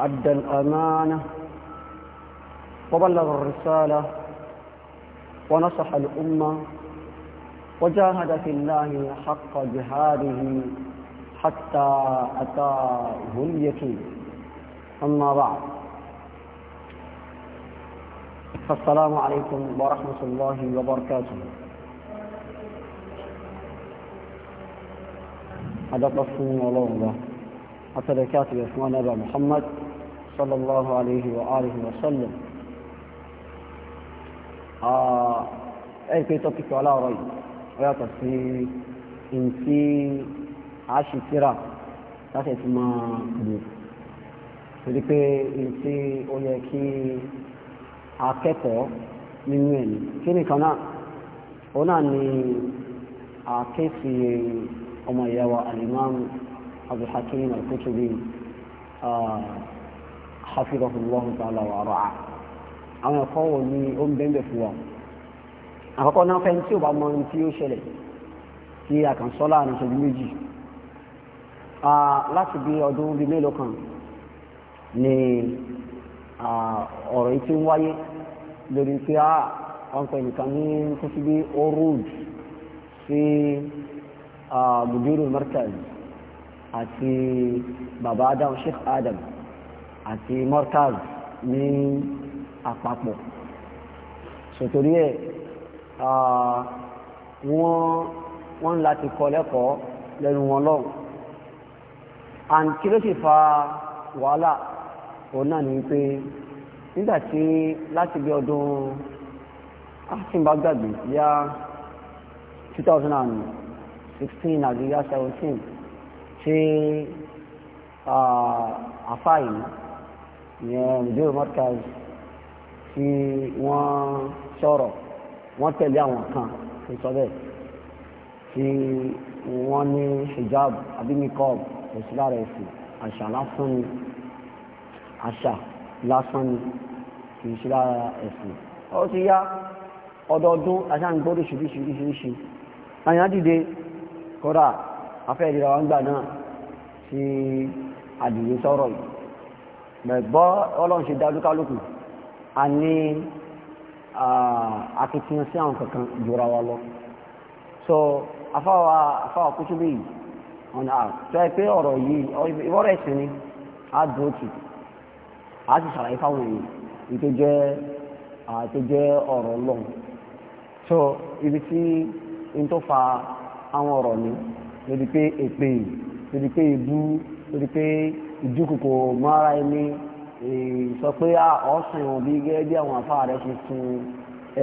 أدى الأمانة وبلغ الرسالة ونصح الأمة وجاهد في الله حق جهاده حتى أتاه اليقين أما بعد فالسلام عليكم ورحمة الله وبركاته هذا تصميم الله يا بأسمان أبا محمد صلى الله عليه وآله وسلم ẹ pé tọ́pìkì aláwọ̀ yìí ó yàtọ̀ sí ntí àṣìṣíra láti ti máa lò torí pé ntí ó yẹ kí akẹ́kọ̀ọ́ nínú ẹ̀ ní kí nìkan náà òun náà ni àkéèsì ọmọ ìyá alimami Abdul Hakim hafidhahullahu ta'ala wa ra'a àwọn ẹ̀kọ́ wo ni ó ń bẹ́ẹ̀ fún wa àkọ́kọ́ náà fẹ́ tí ó bá mọ ohun tí ó ṣẹlẹ̀ tí a kàn sọ́lá àrùn ṣojú méjì láti bí ọdún bíi mélòó kan ni ọ̀rọ̀ yìí ti ń wáyé lórí pé a wọn pè nìkan ní kókó bí orud sí mudiru markaz àti baba adam sheikh adam àti mortars ní àpapọ̀ sòtòrí ẹ̀ wọ́n wọ́n láti kọ́ lẹ́kọ̀ọ́ lẹ́nu wọn lọ́wọ́ and kí ló sì fa wàhálà òun náà ni pé nígbà tí láti bí ọdún àtìmbágbàgbé yá 2016 àti yá 17 ṣe àfáà yìí ìyẹn ìdúró mọ́tàz tí wọ́n sọ̀rọ̀ wọ́n tẹ̀lé àwọn kan tó sọ bẹ́ẹ̀ tí wọ́n ní hijab abimikọ́b òsìlára ẹ̀sìn àṣà lásán ni àṣà lásán ni kì í ṣe lára ẹ̀sìn ó ti yá ọdọọdún aṣáǹgbó oríṣiríṣiríṣiríṣi àyàn dìde kódà afẹ́ ìdíra wa ń gbà náà tí àdìyẹ sọ̀rọ̀ yìí gbẹ̀gbọ́ ọlọ́run ṣe dájú kálukú a ní akitiyan sí àwọn kankan jura wa lọ so afáwa afáwa kútu bí ọ̀nà àtọ́ ẹ pé ọ̀rọ̀ yìí ìwọ́rọ̀ ẹ̀sìn ni a dùn òtù a sì ṣàlàyé fáwọn èèyàn ètò jẹ́ àti jẹ́ ọ̀rọ̀ lọ́n so ibi tí n tó fa àwọn ọ̀rọ̀ ni lórí pé èpè lórí pé ibú lórí pé ìdúkòkò mọ́ra ẹni sọ pé ọ̀sán ẹ̀wọ̀n bí gẹ́gẹ́ bí àwọn afá rẹ̀ ṣe sun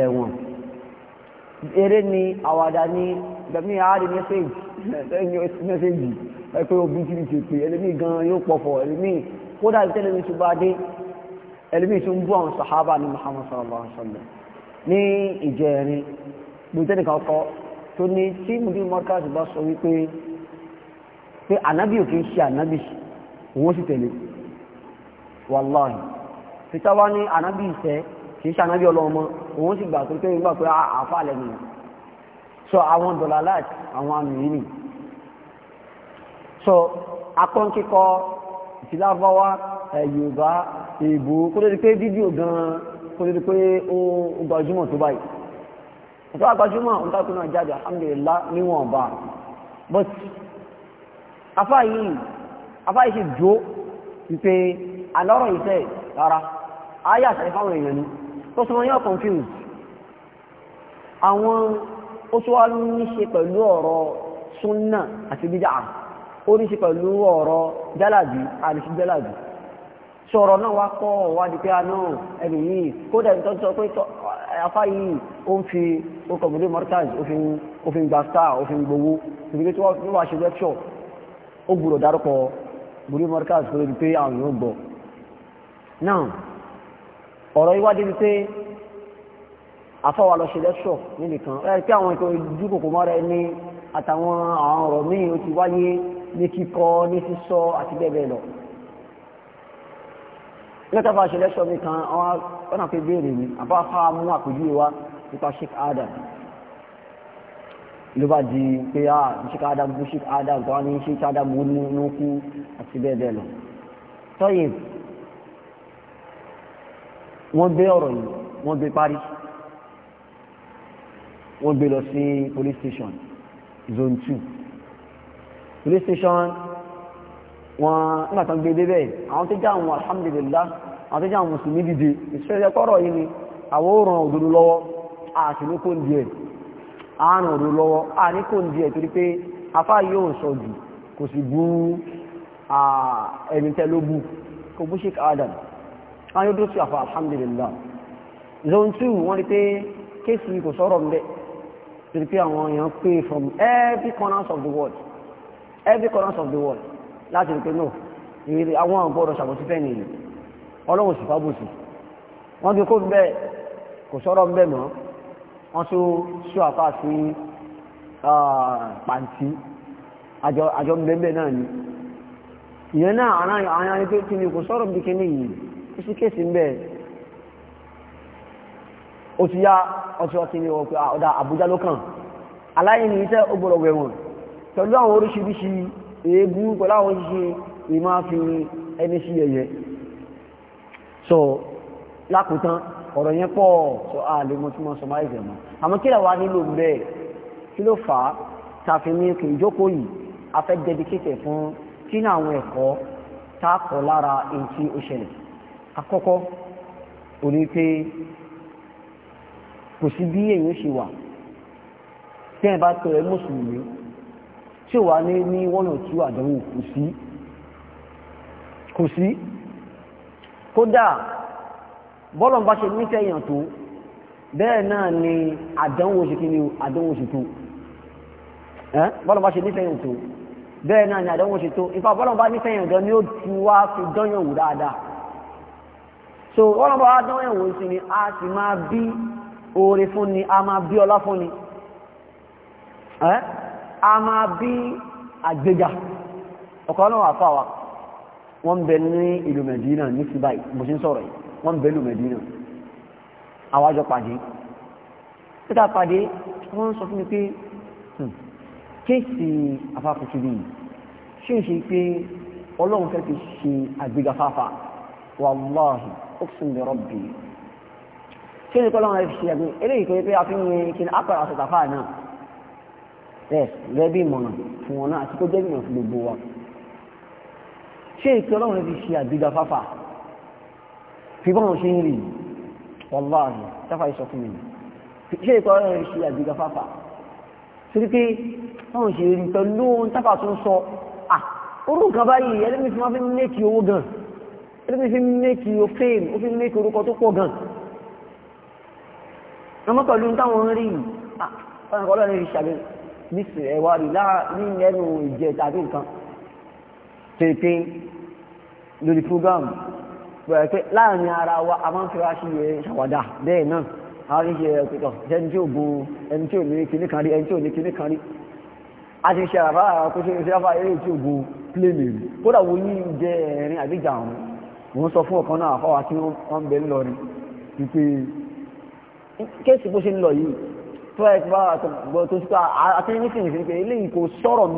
ẹ̀wọ̀n eré ni àwàdà ni gbẹ̀mí àárí mẹ́sẹ̀jì ẹ̀pẹ́ obi tí ti pè ẹlẹ́mí gan yóò pọ̀fọ̀ ẹlẹ́mí kódà ìtẹ́lẹ̀ mi tún bá dé ẹlẹ́mí tún bú àwọn sàhábà ní Muhammad sallallahu alaihi wa sallam ní ìjẹrin gbẹ̀tẹ́nìkan kọ́ tó ní tí mùdí mọ́kàtí bá sọ wípé pé ànábì ò kí ń ṣe ànábì wọ́n sì tẹ̀lé wàláhì títà wá ní ànábì ìṣẹ́ kìí ṣe ànábì ọlọ́mọ òun sì gbà tó tẹ́ ìgbà pé ah, àáfà lẹ́nu sọ àwọn dọ̀là láti àwọn àmì yìí nì sọ akọ́n ìbò kó lè pé fídíò gan kó lè pé ó gbajúmọ̀ tó báyìí ìtọ́ àgbajúmọ̀ ń tàkùn náà jáde alhamdulillah níwọ̀nba but afá afá ìṣe jó wípé alọ́rọ̀ ìṣẹ́ rárá ayé àtàrí fáwọn èèyàn ni tó sọ wọn yóò confuse àwọn ó tó wá ní ṣe pẹ̀lú ọ̀rọ̀ súnnà àti bídà ó ní ṣe pẹ̀lú ọ̀rọ̀ jálàbí àrísí jálàbí sọ̀rọ̀ náà wá kọ́ wádìí pé a náà ẹni yìí kódà tó sọ pé afá yìí ó ń fi ó kọ̀mọ̀dé mortars ó fi ń gba star ó fi gbowó ìgbésí tó wá ṣe lecture ó gbúdọ̀ dárúkọ gbórí mọ́ríkàs kó lórí pé àwọn yóò gbọ́ náà ọ̀rọ̀ ìwádìí ni pé afọ́wà lọ ṣe lẹ́ṣọ̀ nínìkan ẹ̀ pé àwọn ètò ìdúkòkò mọ́ra ẹni àtàwọn àwọn ọ̀rọ̀ míì ó ti wáyé ní kíkọ ní sísọ àti bẹ́ẹ̀ bẹ́ẹ̀ lọ lẹ́tà bá ṣe mi kan ọ̀nà pé béèrè mi àbáfà mú àpèjúwe wa nípa Sheikh Adam ló bá di pé a ṣíkà adagun ṣíkà adagun wọn ní ṣíkà adagun ló kú àti bẹ́ẹ̀ bẹ́ẹ̀ lọ. tọ́yìn wọ́n gbé ọ̀rọ̀ yìí wọ́n gbé parí wọ́n gbé lọ sí police station zone two police station wọn nígbà tán gbé débẹ̀ àwọn tó jẹ́ àwọn alhamdulillah àwọn tó jẹ́ àwọn mùsùlùmí dìde ìṣẹ́jẹ́ kọ́rọ̀ yìí ni àwọn òòrùn òdodo lọ́wọ́ àti ní kó ń di ẹ̀ àárùn òru lọ́wọ́ a ní kò ń di ẹ̀ torí pé afá yóò sọ jù kò sì bú ẹni kò bú sheik adam ayọ́dún sí alhamdulillah zone two wọ́n rí pé kéèsì kò sọ̀rọ̀ ń bẹ́ pé àwọn èèyàn pé from every corner of the world every corner of the world láti rí pé no ìrírí àwọn àgbọ̀rọ̀ ṣàbòsí fẹ́ nìyí ọlọ́run sì fábòsí wọ́n ti kó bẹ́ẹ̀ kò sọ̀rọ̀ ń mọ́ wọ́n tó ṣó àfà sí pàǹtí àjọ gbẹ́gbẹ́ náà ni ìyẹn náà àwọn àwọn ẹni tó kí ni kò sọ̀rọ̀ bí kí ni yìí ó sì kéèsì ń bẹ̀ ó ti yá ọtí ọtí ni wọ́n pé ọ̀dà àbújá ló kàn aláìní iṣẹ́ ó gbọ́dọ̀ wẹ̀wọ̀n pẹ̀lú àwọn oríṣiríṣi èébú pẹ̀lú àwọn oríṣiríṣi ìmáa fi ẹni sí ẹ̀yẹ so lákòótán ọ̀rọ̀ yẹn pọ̀ tó a lè mọ́ tí wọ́n sọ máa ìjẹ̀mọ́ àmọ́ kí làwọn nílò bẹ́ẹ̀ kí ló fà á tàfi ní kì í jókòó yìí a fẹ́ dedicate fún kí ní àwọn ẹ̀kọ́ tá a kọ́ lára èyí tí ó ṣẹlẹ̀ àkọ́kọ́ òní pé kò sí bí èyí ṣe wà tí ẹ bá tọ́ ẹ mùsùlùmí tí ó wà ní ní one or àdánwò kò sí kò sí kódà bọ́lọ̀n bá ṣe nífẹ̀ẹ́ èèyàn tó bẹ́ẹ̀ náà ni àdánwò ṣe kíni àdánwò ṣe tó ẹ́ bọ́lọ̀n bá ṣe nífẹ̀ẹ́ èèyàn tó bẹ́ẹ̀ náà ni àdánwò ṣe tó ìfà bọ́lọ̀n bá nífẹ̀ẹ́ èèyàn gan ni ó ti wá fi dányàn wò dáadáa so bọ́lọ̀n bá wá dányàn sí ni a sì máa bí oore fún ni a máa bí ọlá fún ni a máa bí àgbéga ọ̀kan náà wà fáwa wọ́n bẹ ní ìlú Mẹ̀dínà ní síbáyì mo ṣe ń sọ̀rọ̀ yìí wọ́n bẹ̀lú mẹ̀dínà àwájọ pàdé títà pàdé wọ́n sọ fún mi pé hmm, kéèsì afákùtù bí ṣe ń ṣe pé ọlọ́run fẹ́ ti ṣe àgbéga fáfá wàláhì ọkùnrin lè rọ́bì ṣe ń kọ́lọ́run fẹ́ ṣe àgbé eléyìí kò pé àfihàn kí ní apàrà àti tàfà náà bẹ́ẹ̀ rẹ́bí fún wọn náà àti kó jẹ́ ìmọ̀ fún gbogbo wa ṣe ìkọlọ́run fẹ́ ṣe àgbéga fi bọ́n ṣe ń rí wàláàrí sáfà ìṣọ́ fún mi ṣe ìkọ́ rẹ̀ ṣe àgbéga fáfà torí pé bọ́n ṣe rí pẹ̀lú ohun táfà tó ń sọ à orú nǹkan báyìí ẹlẹ́mi fi máa fi méèkì owó gan ẹlẹ́mi fi méèkì o fame ó fi méèkì orúkọ tó pọ̀ gan ọmọ pẹ̀lú táwọn rí lórí program pẹ̀lú pé láàrin ara wa a máa ń fira sí iye ṣàwádà bẹ́ẹ̀ náà a rí ṣe ẹ̀kùtọ̀ ẹni tí ò bu ẹni tí ò ní kíní kan rí ẹni tí ò ní kíní kan rí a ti ṣe àràfà ara kó ṣe àfà eré tí ò bu pléèmì rí kódà wo ní jẹ ẹ̀rin àbíjà ọ̀hún mo ń sọ fún ọ̀kan náà àfọwà tí wọ́n ń bẹ ń lọ rí wípé kéèsì bó ṣe ń lọ yìí tó ẹ̀ bá gbọ́ tó sípò àtẹ́yìn nísìnyí sí pé eléyìí ń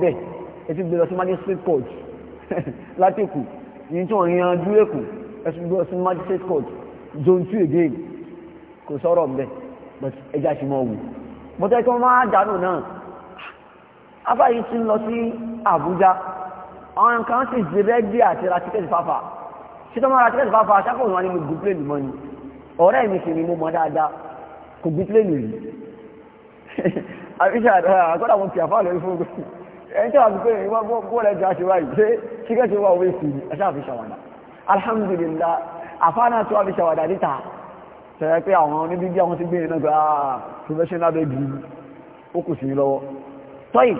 bẹ̀ ẹ ẹ̀sùn gbọ́ sí magistrate court zone two again kò sọ̀rọ̀ mbẹ́ but ẹja ṣe mọ́ wù mọ́tẹ́ kí wọ́n máa dànù náà afáyí ti ń lọ sí Abuja, àwọn kan sì ti rẹ́gbé àti ra tíkẹ́tì fáfà ṣe tó máa ra tíkẹ́tì fáfà aṣákòrò wọn ni mo gùn pléèlì mọ́ ni ọ̀rẹ́ mi sì ni mo mọ̀ dáadáa kò gùn pléèlì rí àbíṣà àkọ́dà mo pìyàfà lórí fún gbogbo ẹni tí wàá gùn pléèlì wọ́n bọ́ọ̀lẹ́jọ aṣèwáyì ṣé tíkẹ́tì wà owó èsì ni ẹṣáàfíṣà wà alhamdulillah àfáànà tó wà fi ṣàwàdà níta tẹ̀rẹ pé àwọn oníbíbí àwọn ti gbé iná gba ah, professional baby ó kù sí lọ́wọ́ tọ́yì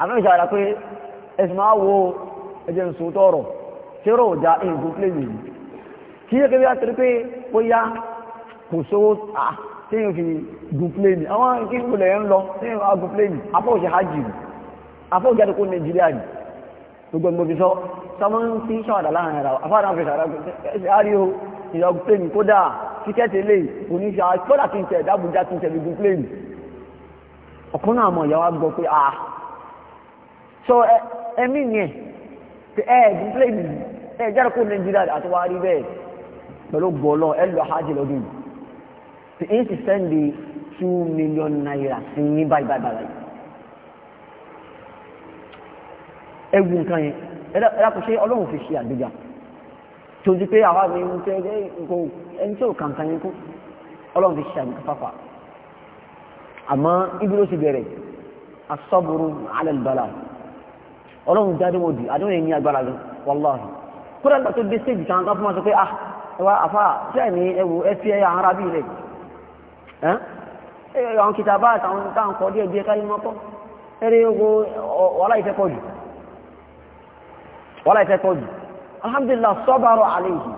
àmì ìṣàwàdà pé ẹ̀sìn máa wo ẹjẹ́ ń sòótọ́ ọ̀rọ̀ tí rò já ìgùn plé yìí kí gbogbo mo fi sọ sọmọ ti ṣàwàdà láàrin ara afáàdà wọn fi ṣàwàdà ẹsẹ àríwó ìyá plane kódà tíkẹ́ẹ̀tì ilé oníṣà kódà kí n tẹ̀ dábùjá kí n tẹ̀ gbogbo plane ọ̀kan náà mọ̀ ìyàwó gbọ́ pé ah so ẹmí ni ẹ ti ẹ gbogbo plane ẹ jáde kó nàìjíríà àti wàá rí bẹ́ẹ̀ pẹ̀lú gbọ́lọ́ ẹ lọ hajj lọ́dún ti ń ti sẹ́ndì two million naira sí ní báyìí báyìí báyìí ẹwù nǹkan yẹn ẹ̀dàkùn ṣe ọlọ́run fi ṣe àgbéga tó di pé àwa mi ń tẹ́ ẹni tí ò kàǹkà yẹn kú ọlọ́run fi ṣe àgbéga pápá àmọ́ ibi ló ti bẹ̀rẹ̀ asọ́bùrù alẹ́lùbálà ọlọ́run jáde wò di àdéhùn yẹn ní agbára gan kúrẹ́ nígbà tó dé stage kan ah ẹwà àfa ní ẹwù ẹyà ara bí ẹ àwọn àtàwọn táwọn kọ wọ́n láì fẹ́ pọ̀ jù alhamdulillah sọ́bàrọ̀ àlejò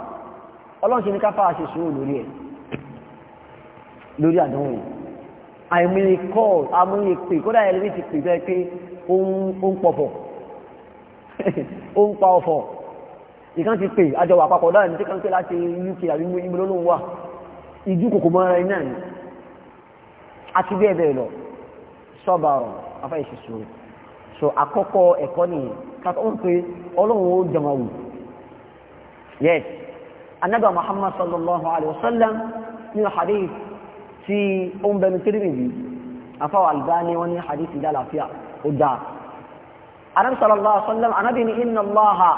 ọlọ́run ṣe ní káfà ṣe sùúrù lórí ẹ̀ lórí àdánwò yìí àìmọye kọ́ọ̀lù àmọye pè kódà ẹ̀ lórí ti pè bẹ́ẹ̀ pé ó ń pọ̀fọ̀ ó ń pa ọ̀fọ̀ ìkan ti pè àjọ wà papọ̀ dáhùn tí kan pé láti UK àbí ibi lónìí wà ìjú kòkò mọ́ ara iná ni àti bẹ́ẹ̀ bẹ́ẹ̀ lọ sọ́bàrọ̀ afẹ́ ìṣesùn so àkọ́kọ́ ẹ̀kọ́ ni kakọ́ ń pe ọlọ́run ó jẹun ọ̀wù yes anabi muhammad sallallahu alayhi wa sallam nínú hadith tí ó ń bẹnu Tirmidhi afáwọ̀ albani wọn ní hadith ìdá àlàáfíà ó dáa anabi sallallahu alayhi wa sallam anabi ni inna allaha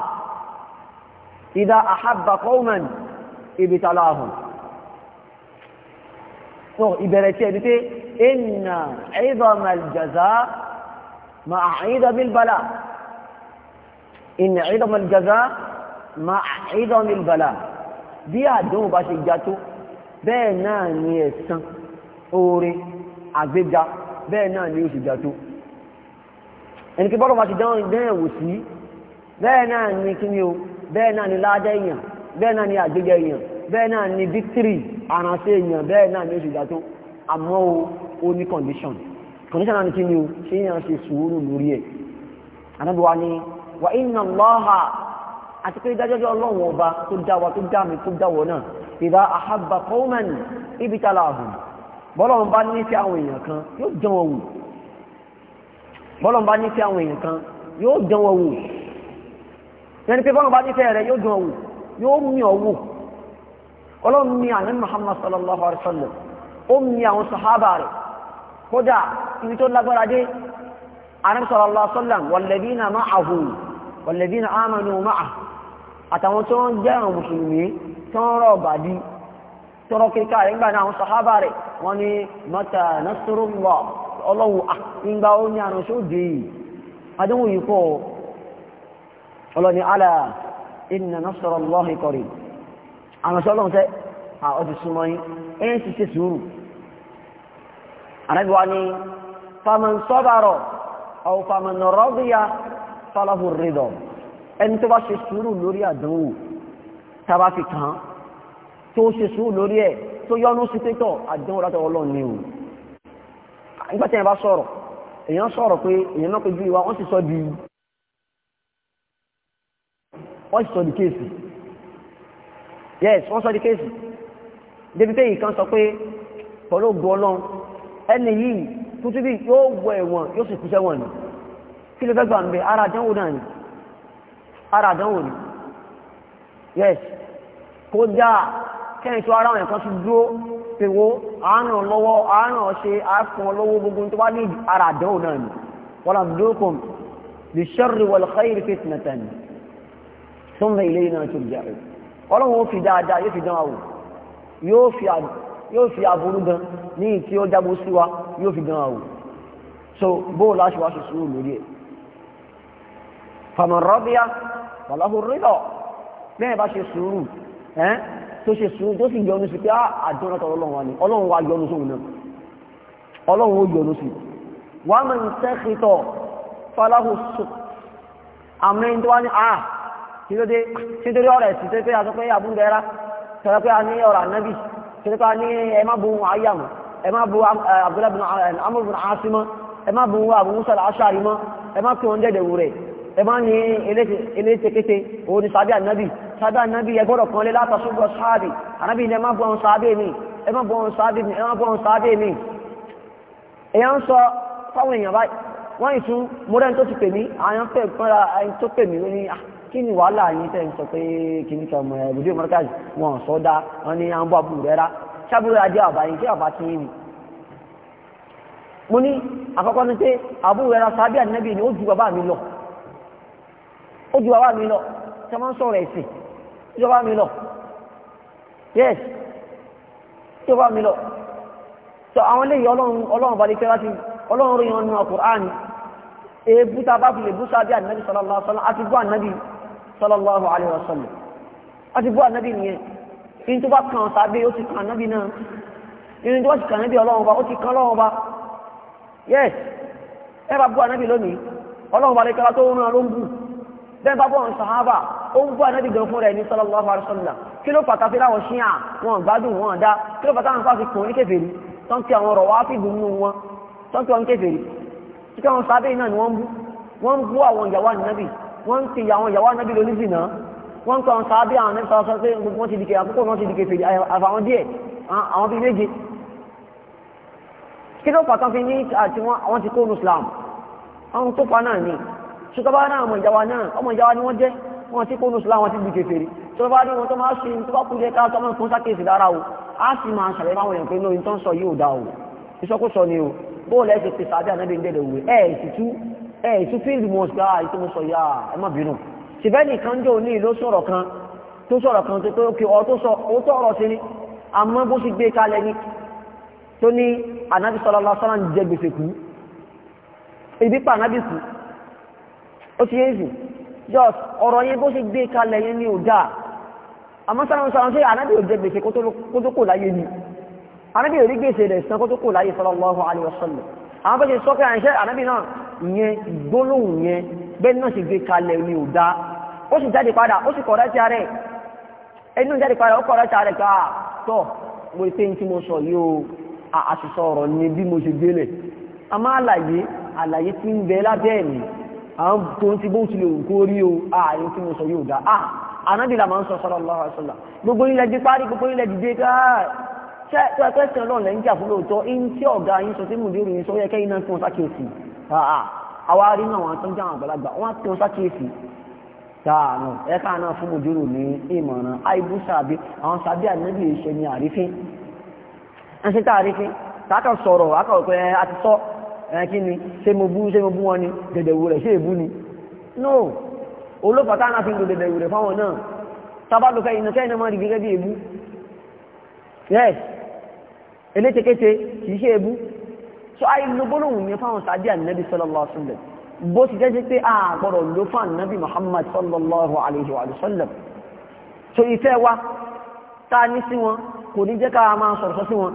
idha ahabba qawman ibtalahum so ìbẹ̀rẹ̀ tí ẹni pé inna 'idhama al مع عيد بالبلاء إن عظم الجزاء مع عظم البلاء bí àdánwò bá ṣe ga tó bẹ́ẹ̀ náà ni ẹ̀san oore àgbéga bẹ́ẹ̀ náà ni ó ṣe ga tó ẹnikí bọ́rọ̀ bá ṣe dánwò dẹ́ẹ̀wò sí bẹ́ẹ̀ náà ni kíni o bẹ́ẹ̀ náà ni ládá èèyàn bẹ́ẹ̀ náà ni àgbéga èèyàn bẹ́ẹ̀ náà ni victory àránṣẹ́ èèyàn bẹ́ẹ̀ náà ni ó ṣe ga tó àmọ́ o ó ní condition kòníṣàlá ní kí ni o ṣe yàn ṣe sùúrù lórí ẹ̀ anábíwá ni wà inna Allaha àti pé dájọ́jọ́ ọlọ́run ọba tó dáwà tó dámi tó dáwọ̀ náà ìdá ahabba qawman ibtalahum bọ́lọ̀n bá ní sí àwọn èèyàn kan yóò dán wọn wò bọ́lọ̀n kan yóò dán wọn wò yẹni pé bọ́lọ̀n bá ní fẹ́ rẹ̀ yóò dán wọn yóò mì ọ́ wò ọlọ́run mi àná Muhammad sallallahu alaihi Wasallam. sallam ó mi àwọn sahaba rẹ̀ kódà ibi tó lágbára dé Ànábì sallallahu alaihi wasallam walladhina ma'ahu walladhina amanu ma'ahu àtàwọn tó ń jẹ́ àwọn mùsùlùmí tó ń rọ̀ bàdí tọrọ kíríkà rẹ̀ nígbà náà sàhábà rẹ̀ wọ́n ní mata nasrullah ọlọ́wọ́ ah, ìgbà ó ní àrùn ṣó dé adéhùn yìí kọ́ ọlọ́ni alá inna nasrullahi qarib àrùn ṣọ́lọ́run àrẹ́bíwá ni faman sọ́bàrọ̀ aw faman radiya falahu ridha ẹni tó bá ṣe sùúrù lórí àdánwò tàbá fi kàn án tó ṣe sùúrù lórí ẹ̀ tó yọ́nú sí pétọ̀ àdánwò látọ̀ ọlọ́run ni o nígbàtí ẹ̀ bá sọ̀rọ̀ èèyàn sọ̀rọ̀ pé èèyàn náà péjú ìwà wọ́n sì sọ di wọ́n sì sọ di kéèsì yes wọ́n sọ di kéèsì débi pé ìkan sọ pé pẹ̀lú ògùn ọlọ́run ẹni yìí tó tí bí yóò wọ ẹ̀wọ̀n yóò sì kúṣẹ́ wọn ni kí ló fẹ́ gbà ń bẹ ara àdánwò náà ni ara àdánwò ni yes kó dáa kẹ́yìn tó ara wọn kan ti dúró pé wo lọ́wọ́ àárùn ọ̀ṣẹ́ àfún lọ́wọ́ gbogbo tó bá ní ara àdánwò náà ni wọ́n làm dókòm lè ṣẹ́rì wal khayri fitnatan thumma ilayna turja'un ọlọ́run yóò fi aburú gan ní tí ó jábọ́ sí wa yóò fi gan àwò so bóòlù aṣọwáṣọ sùúrù lórí ẹ̀ faman radiya falahu ridha bẹ́ẹ̀ bá ṣe sùúrù ẹ́ tó ṣe sùúrù tó sì yọnu sí pé ah, àjọ́nà tọrọ ọlọ́run wa ni ọlọ́run wa yọnu sóhun náà ọlọ́run ó yọnu sí wa man sakhita falahu sùn àmì tó wá ní à ah, kí ló dé títorí ọ̀rẹ́ sí tó pé a sọ pé àbúrò ẹ̀rá tọ́lá pé a ní ọ̀rọ̀ ànábì kìrìkà ní ẹ má bu àyà mọ́ ẹ má bu Abdullah bin eh, Amr bin Asim mọ́ ẹ Abu Musa al-Ash'ari mọ́ ẹ má pè wọ́n dẹ́dẹ̀ wù rẹ̀ ẹ má ní eléṣekéṣe òun ni sàbí ànábì sàbí ànábì ẹ gbọ́dọ̀ kan lé látàṣúgbọ́ sàbí ànábì ni ẹ má bu àwọn sàbí mi ẹ má bu àwọn sàbí mi ẹ má bu àwọn sàbí mi èèyàn ń sọ fáwọn èèyàn báyìí wọ́n ìtún mọ́rẹ́ kí ni wàhálà yìí tẹ́ ń sọ pé kì ní sọmọ ẹ̀bùdí mọ́rọ́kàjì wọn sọ́dá wọn ni àwọn bọ́ọ̀bù rẹ̀ rá sábúrò adé kí ti mo ní àkọ́kọ́ ní pé àbúrò rẹ̀ rá ni ó ju bàbá mi lọ ó ju bàbá mi lọ tí wọ́n sọ̀rọ̀ ẹ̀sìn ó mi lọ yes ó ju bàbá mi lọ sọ àwọn eléyìí ọlọ́run ọlọ́run bú sallallahu alayhi wa sallam a ti bú ànábì nìyẹn ní tó bá kàn sábẹ́ ó ti kàn ànábì náà ní tó bá ti kàn ànábì ọlọ́run ba ó ti kàn ọlọ́run ba yes ẹ bá bú ànábì lónìí ọlọ́run ba lè kára tó ń rán ló ń bù bẹ́ẹ̀ bá bú àwọn sàhábà ó ń bú ànábì gan fún rẹ̀ ní sallallahu alayhi wa sallam kí ló pàtà fi láwọn ṣíà wọn gbádùn wọn dá kí ló pàtà àwọn fáfi kàn ní kèfèrí wọn bú àwọn ìyàwó ànábì wọ́n ń pe àwọn ìyàwó anábì lónìí sì náà wọ́n ń pa àwọn sáábì àwọn nípa sọ pé gbogbo wọn ti di kẹ àkókò wọn ti di kẹ fèrè àfàwọn díẹ̀ àwọn bíi méje kí ló pàtàkì fi ní àti wọn ti kó nu Islam àwọn tó pa náà ni ṣùgbọ́n bá náà ọmọ ìyàwó náà ọmọ ìyàwó ni wọ́n jẹ́ wọn ti kó nu Islam wọn ti di kẹ fèrè tó wọn tó máa ṣe tó bá kú o á sì máa ṣàlẹ́ máwọn èèyàn pé lóyún tó ń sọ ẹ̀ ìtú fíìlì mo sọ àà ìtú mo sọ yá ẹ má bínú ṣìfẹ́ nìkan jẹ́ òní ló sọ̀rọ̀ kan tó sọ̀rọ̀ kan tó pé ókè ọ tó sọ ó tọ̀rọ̀ sí ni àmọ́ bó sì gbé kalẹ̀ ni tó ní ànábì sọlọ́lá sọ́nà jẹ gbèsè kú ibi pa ànábì sí ó ti yé ìsìn just ọ̀rọ̀ yẹn bó sì gbé kalẹ̀ yẹn ni ò dáa àmọ́ sọ́nà sọ́nà sí ànábì ò jẹ gbèsè kó tó kò láyé ni ànábì ò rí gbèsè rẹ̀ sàn kó tó kò láyé sọlọ́lá àwọn bẹ́ẹ̀ ṣe sọ́kẹ́ àìṣẹ́ ànábì náà ìyẹn gbólóhùn yẹn bẹ́ẹ̀ náà sì gbé kalẹ̀ ní ò dá ó sì jáde padà ó sì kọ̀ọ̀rẹ́ ti rẹ̀ ẹni náà jáde padà ó kọ̀ọ̀rẹ́ ti rẹ̀ ká ah, tọ̀ mo pé tí mo sọ yìí o àṣìṣọ ọ̀rọ̀ ni bí mo ṣe gbélẹ̀ a máa àlàyé àlàyé tí ń bẹ lábẹ́ ẹ̀mí àwọn tó ń ti bó ti lè wù kó rí o ààyè ah, tí mo sọ yìí ò dá ah, ànábì làmọ́ ń sọ sallallahu alaihi wasallam gbogbo ilẹ̀ dé parí gbogbo ilẹ̀ dìde káà ṣe tó ẹ fẹ́ sin ọlọ́run lẹ́yìn jà fún lóòótọ́ in tí ọ̀gá yín sọ sí mùdírù yín sọ yẹ kẹ́yìn náà tí wọ́n sákèsì àwa rí náà wọn tó ń jà àwọn àgbàlagbà wọn tí wọ́n sákèsì dáànù ẹ̀ka náà fún mùdírù ní ìmọ̀ràn àìbú sàbí àwọn sàbí ànábì ìṣe ni àrífín ẹ̀ ṣe tá àrífín tààkà sọ̀rọ̀ akọ̀ọ̀pẹ́ àti sọ ẹ̀kí ni no olófà táà náà fi ń lo dẹ̀dẹ̀wò rẹ̀ fáwọn náà tábàlùfẹ́ inú kẹ́yìn náà má rí gẹ́gẹ́ yes elétekéte kìí ṣe ebú so ayé lógbólóhùn yẹn fáwọn sàdí ànábì sallallahu alaihi wasallam bó ti jẹ́ pé a gbọ́dọ̀ ló fún ànábì muhammad sallallahu so ìfẹ́ wa ta ní sí wọn kò ní jẹ́ ká máa sọ̀rọ̀ sí wọn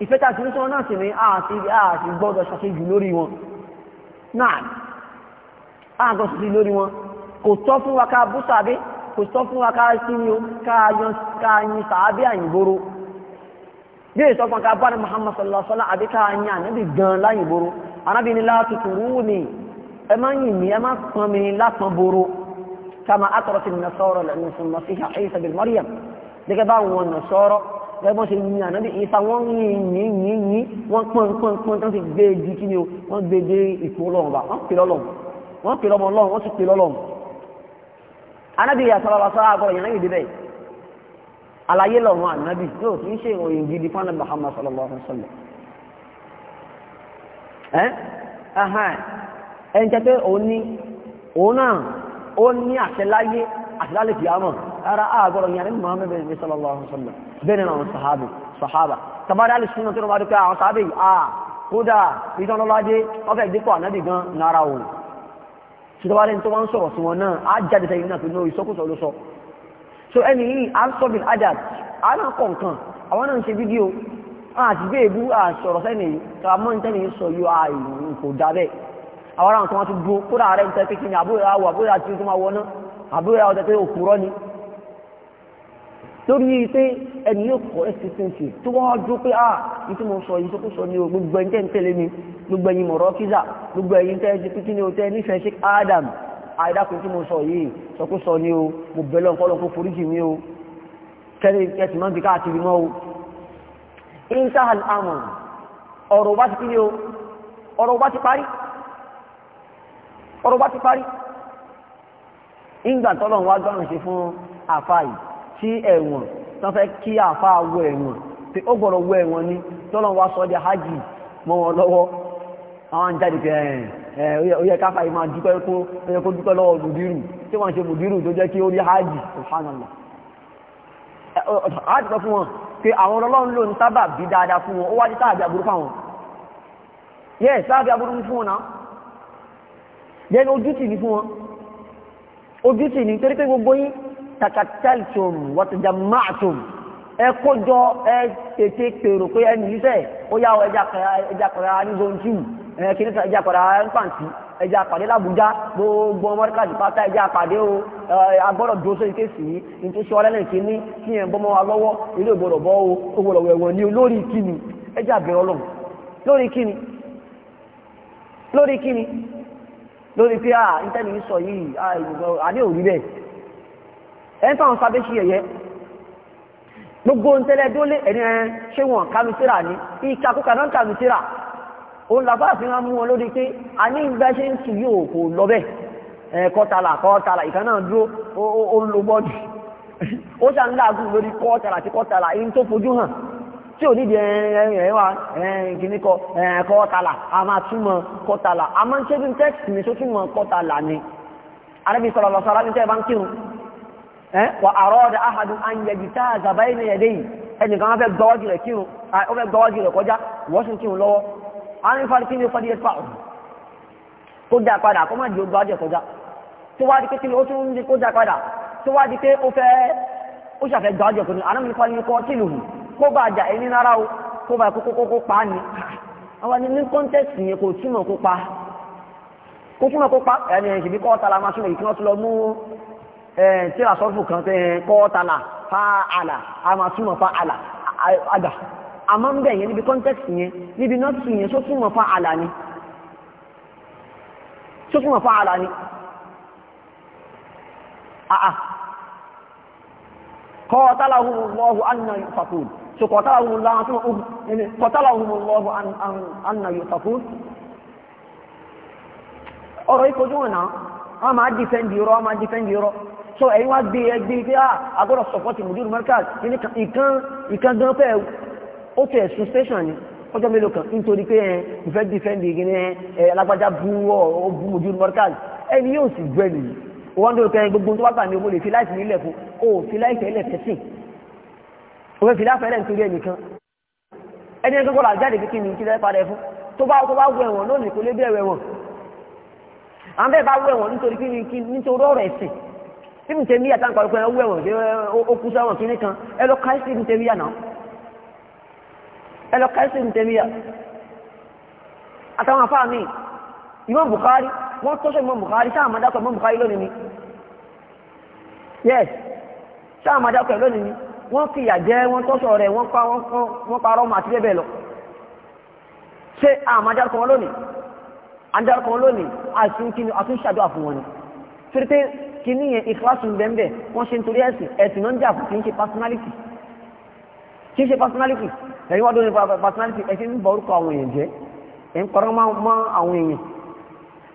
ìfẹ́ ta sí ní sí wọn náà sì ní àti àti gbọ́dọ̀ ṣàṣejù lórí wọn náà àgọ́ sí lórí wọn bí i sọ́kàn ká bá ní Muhammad sallallahu alaihi wasallam àbíká anyà níbi gan láyìnboro anábì ní látùtù rú ni ẹ má yìn mí ẹ má pọn mi lápọn boro kama akọrọtì ní nasọrọ lẹnu fún masiha Isa bin Maryam gẹ́gẹ́ bá wọn nasọrọ gẹ́gẹ́ bọ́n ṣe yìn ànábì Isa wọ́n yìn yìn yìn yìn wọ́n pọn pọn pọn tán ti gbé e di kí ni o wọ́n gbé e dé ìkó lọ́wọ́ bá wọ́n pè lọ́lọ́ wọ́n pè lọ́mọ lọ́wọ́ wọ́n ti pè lọ́lọ́ anábì yà sọ́lá àlàyé lọ́rùn ànábì yóò kí ń ṣe ìròyìn gidi fún ànábì Muhammad sallallahu alaihi wasallam ẹ́ ẹ̀hán ẹni jẹ́ pé òun ní òun náà ó ní àtẹ́láyé àtẹ́lálẹ̀ fi àmọ̀ ara àgọ́rọ̀ ní ànábì Muhammad bẹ̀rẹ̀ sallallahu alaihi wasallam bẹ́ẹ̀ náà sàhábì sàhábà tàbádà lè súnmọ́ tó bá dúpẹ́ àwọn sàhábì à kódà ìtàn lọ́lájé wọ́n fẹ́ dípò ànábì gan nára òun ṣùgbọ́n tó bá ń sọ̀rọ̀ sí so ẹni yìí a ń sọ bí adab a náà kọ̀ nǹkan àwọn náà ń ṣe fídíò àti bí èbú àṣọ̀rọ̀ sẹ́ni kàmọ́ ní tẹ́ni sọ yóò àìyàn kò dá bẹ́ẹ̀ àwọn ará nǹkan wọn ti gbó kódà rẹ̀ ń tẹ́ pé kí ni àbúrò àwọ̀ àbúrò àti tó máa wọná àbúrò àwọ̀ tẹ́ pé òkúrọ́ ni lórí pé ẹni yóò kọ́ ẹsìsìnsì tó wọ́n dú pé à ìtí mo sọ yìí tó kó sọ ní gbogbo ẹ̀yìn tẹ́ ń tẹ̀lé mi gbogbo ẹ̀yìn mọ̀rọ́ kíza gbogbo ẹ̀yìn tẹ́ ń ṣe pé kí ni o tẹ́ nífẹ̀ẹ́ Sheikh Adam àìdákun tí mo sọ yìí sọkúsọ ni o mo bẹ̀lẹ̀ ọ̀pọ̀lọpọ̀ foríjì mi o kẹ́lẹ̀ ẹ̀sìn máa ń bí káàkiri mọ́ o intahal amọ̀ ọ̀rọ̀ bá ti kíni o ọ̀rọ̀ bá ti parí ọ̀rọ̀ ni tọ́lọ̀ wá sọ di hajj mọ́ ó yẹ káfà yìí máa dúpẹ́ kó ó yẹ kó dúpẹ́ lọ́wọ́ mùdírù tí wọ́n ṣe mùdírù tó jẹ́ kí ó rí hajj subhanallah hajj sọ fún wọn pé àwọn ọlọ́run ló ń sábà bí dáadáa fún wọn ó wá ní sáàbí aburú fáwọn yẹ sáàbí aburú fún wọn náà yẹn ojútì ní fún wọn ojútì ní torí pé gbogbo yín takataltum watajamma'tum ẹ kójọ ẹ tètè pèrò pé ẹni yìí sẹ ó yá ẹja kẹra ẹja kẹra ní zone kìíní sọ ẹja padà pàǹtí ẹja pàdé làbújá gbogbo ọmọ ríkàdì pátá ẹja pàdé o agbọ́dọ̀ dúró sóyún kéèsì yìí ní tó ṣe kí ẹ̀ ń bọ́ mọ́ wa lọ́wọ́ ilé bọ́ o ó wẹ̀wọ̀n ní lórí kíni ẹja bẹ̀rẹ̀ ọlọ́run lórí kíni lórí kíni lórí pé ń ah, sọ yìí ah, àdé ó làbá fi máa mú wọn lórí pé a ní ìgbẹ́ṣẹ́ ń tù yóò kò lọ́bẹ̀ kọ́tàlà kọ́tàlà ìkan náà dúró ó ń lo bọ́ọ̀dù ó ṣà ń láàgùn lórí kọ́tàlà kọ́tàlà in tó fojú hàn tí ò nídìí ẹ̀ẹ́wà kìíníkọ kọ́tàlà a máa túmọ̀ kọ́tàlà a máa ń ṣe bí tẹ́kì mi tó túmọ̀ kọ́tàlà ni arábí sọ̀rọ̀ wà tá wọ́n fẹ́ gbọ́wọ́jì rẹ̀ kọjá kírun lọ́wọ́ àwọn ìfàlùkì ni ó kọ́ di ẹ̀fà òun kó dá padà kó má di ogun ajẹ́ kọjá tó wá di pé kí ni ó tún ń di kó dá padà tó wá di pé ó fẹ́ ó ṣàfẹ́ gbà ajẹ́ kọjá àná mi kọ́ ni kọ́ tìlù hù kó bá jà ẹni rárá o kó bá kókó kókó pa á ni àwọn ẹni ní kọ́ńtẹ́sì yẹn kò túmọ̀ kó pa kó túmọ̀ kó pa ẹni ẹ̀ ṣèbí kọ́ tala máa túmọ̀ yìí kí wọ́n tún lọ mú tíra sọ́fù kan tẹ́ fa àlà àmọ́ ń bẹ̀ yẹn níbi context yẹn níbi nọ́ọ̀sì yẹn só túnmọ̀ àlà ni só túnmọ̀ fa àlà ni àà kọ́ọ̀tàláhùnmọ́hù anna yufakun so kọ́ọ̀tàláhùnmọ́hù anna yufakun ọ̀rọ̀ ìkojú wọn náà wọ́n máa dìfẹ́ndì rọ́ máa dìfẹ́ndì rọ́ so ẹ̀yin wá gbé ẹgbẹ́ pé àgọ́rọ̀ sọ̀pọ̀tì mùdúrù mẹ́ríkà ìkan gan fẹ́ ó ti ẹ̀sùn station ni ọjọ́ mélòó kan nítorí pé ẹ ìfẹ́ dìfẹ́ǹdì ìgbìn ẹ alágbájá bú ọ bú mojú mọ́ríkàl ẹni yóò sì gbẹ nìyí wọn ní òkè gbogbo tó bá gbà ní owó lè fi láìsí nílẹ̀ fún o fi láìsí ẹlẹ̀ fẹ́sìn òwe fi láfẹ́ rẹ̀ nítorí ẹnìkan ẹni ẹgbẹ́ kọ́lá jáde kíkí ni kílẹ̀ padà fún tó bá tó bá wọ ẹ̀wọ̀n náà nìkó lé bí ẹ̀wọ̀n àwọn bẹ́ẹ̀ bá wọ ẹ̀wọ̀n nítorí kí ni nítorí ọ̀rọ̀ ẹ̀sìn tí mi tẹ́ mí àtàǹkọ̀ ọ̀pẹ̀ wọ ẹ̀wọ̀n ó kú sẹ́wọ̀n kíní kan ẹ lọ káysí mi tẹ́ mí yà náà ẹlọ kẹsì ní tẹ́míyà àtàwọn afá mi Imam Bukhari wọ́n tọ́ṣọ́ Imam Bukhari sáà máa dákọ̀ Imam Bukhari lónìí ni yes sáà máa dákọ̀ lónìí ni wọ́n fi ìyà jẹ wọ́n tọ́ṣọ́ rẹ̀ wọ́n parọ́ ọmọ àti bẹ́ẹ̀ lọ ṣé àmàdárkọ̀ wọn lónìí àdárkọ̀ wọn lónìí àtúnṣàdọ́ àfún wọn ni torí pé kí níyẹn ìfúrásùn bẹ́ẹ̀ bẹ́ẹ̀ wọ́n ṣe nítorí ẹ̀sìn ẹ̀sìn náà ń jà fún kí ń ṣe personality kí ṣe personality ẹ̀yìn wọ́n dóni personality ẹ̀ṣẹ́ ń bọ̀ orúkọ àwọn èèyàn jẹ́ ẹ̀ ń pọ̀rọ̀ mọ́ àwọn èèyàn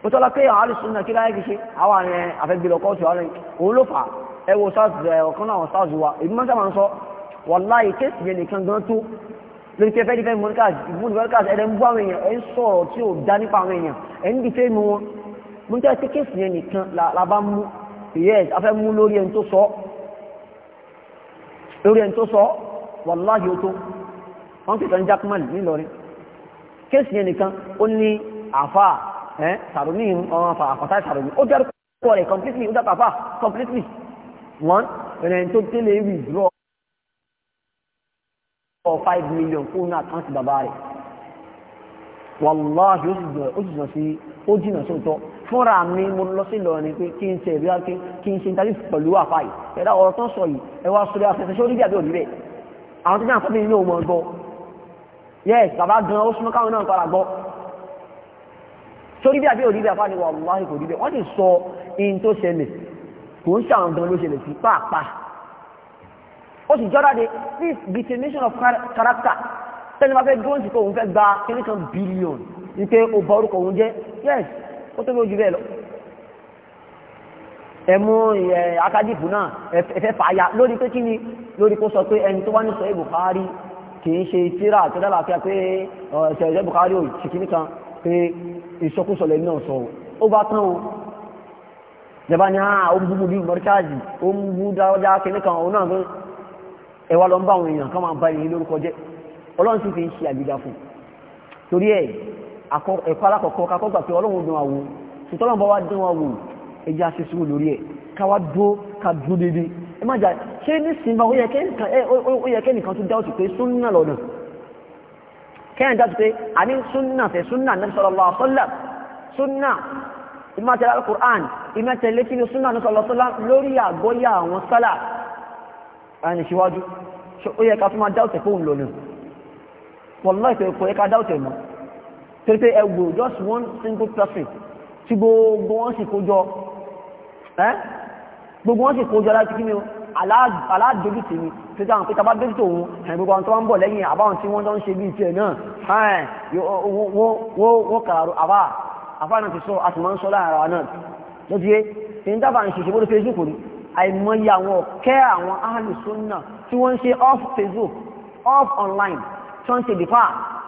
ó tọ́lá pé àwọn alìsùn náà kí láyé fi ṣe àwọn àrẹ àfẹ́gbèlọ kọ́ọ̀tù àrẹ òun ló fà ẹ wo south ọ̀kan náà south wa èmi máa ń sábà ń sọ wàláhì kéèsì yẹn nìkan gan tó lórí pé fẹ́ẹ́dì fẹ́ẹ́ mọ́nìkàs ìmúlù mọ́nìkàs ẹ̀rẹ́ ń bú àwọn èèyàn ẹ̀ ń sọ̀rọ̀ tí ò dá nípa àwọn la bá yes afẹ́ mú lórí ẹni tó sọ lórí ẹni wàláhì ó tó wọ́n pè tán Jackman nílọrin kéèsì yẹn nìkan ó ní àfà ẹ́ sàrùmí ọmọ àfà àfàtà sàrùmí ó dẹ́rù kọ́ rẹ̀ completely ó dàpọ̀ àfà completely one ẹ̀rẹ̀ tó tẹ́lẹ̀ withdraw for five million kó ní àkáǹtì bàbá rẹ̀ wàláhì ó sì jìnà sí ó jìnà sóòótọ́ fúnra mi mo lọ sí Ìlọrin pé kí n ṣe ìrírí kí n ṣe ìtàlí pẹ̀lú àfà yìí ẹ̀dá ọ̀rọ̀ tán sọ yìí ẹ wá sórí afẹ́fẹ́ sórí bí àbí òbí bẹ́ẹ̀ àwọn tó jẹ́ àǹfààní ọmọ gbọ́ yes bàbá gan ó súnmọ́ káwọn náà padà gbọ́ sórí bí àbí òdìbí àfáà ni wà láì kò dìbẹ̀ wọ́n ti sọ in tó ṣẹlẹ̀ kò ń ṣàwọn gan ló ṣẹlẹ̀ sí pàápàá ó sì jọ́ra this determination of character tẹ́lẹ̀ máa fẹ́ dúró sí pé òun fẹ́ gba kíní kan bílíọ̀nù wípé ó bá orúkọ òun jẹ́ yes ó tó lójú bẹ́ẹ̀ lọ ẹmú akadìfù náà ẹfẹ́ fàáyà lórí pé kí ni lórí kó sọ pé ẹni tó wá ní sọ Bukhari kì í ṣe tíra tó dábàá fíà pé ṣẹ̀rẹ̀ Bukhari ò ṣìkì nìkan pé ìṣọkúsọ lẹ́nu náà sọ ó bá tán o jẹba ni ó ń búbu bíi mọ́ríkáàjì ó ń bú dáadáa kí nìkan òun náà fún ẹwà lọ ń bá àwọn èèyàn kan máa ba èyí lórúkọ ẹjá sí sùúrù lórí ẹ̀ káwá dúó ká dúó dédé ẹ má jà ṣé ní sinba ó yẹ kẹ́nìkan tó dáwọ́ sí pé súnnà lọ́nà kẹ́yìn dájú pé a ní súnnà fẹ́ súnnà Nabi sallallahu alaihi wasallam súnnà ìmọ̀tẹ̀lẹ́ alukur'an ìmọ̀tẹ̀lẹ́ kí ni súnnà Nabi sallallahu alaihi wasallam lórí àgọ́yà àwọn sálà ẹni síwájú ó yẹ ká tún máa dáwọ́tẹ̀ pé òun lọ́nà wallahi pé kò yẹ ká dáwọ́tẹ̀ mọ́ torí pé ẹgbò just one single person tí gbogbo wọn sì kó jọ ẹ́ gbogbo wọn sì kó jọ láti kí ni o aládójú tèmi tó dáhùn pé tàbá dójú tòun ẹ̀ gbogbo àwọn tó ń bọ̀ lẹ́yìn àbáwọn tí wọ́n tó ń ṣe bí tiẹ̀ náà wọ́n kàràrò àbá àbá náà ti sọ a sì máa ń sọ láàrin àwa náà ló ti yé èyí dábà ń ṣe ìṣèwọ́n Facebook ni àìmọye àwọn ọ̀kẹ́ àwọn ahàlùsọ́nà tí wọ́n ń ṣe off Facebook off online tí wọ́n ń ṣe dìfà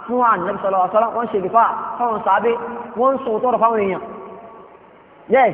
fún ànàbì sọlọ àṣọlá wọ́n ń ṣe dìfà fáwọn sàábé wọ́n ń sọ òótọ́ ọ̀rọ̀ fáwọn èèyàn yes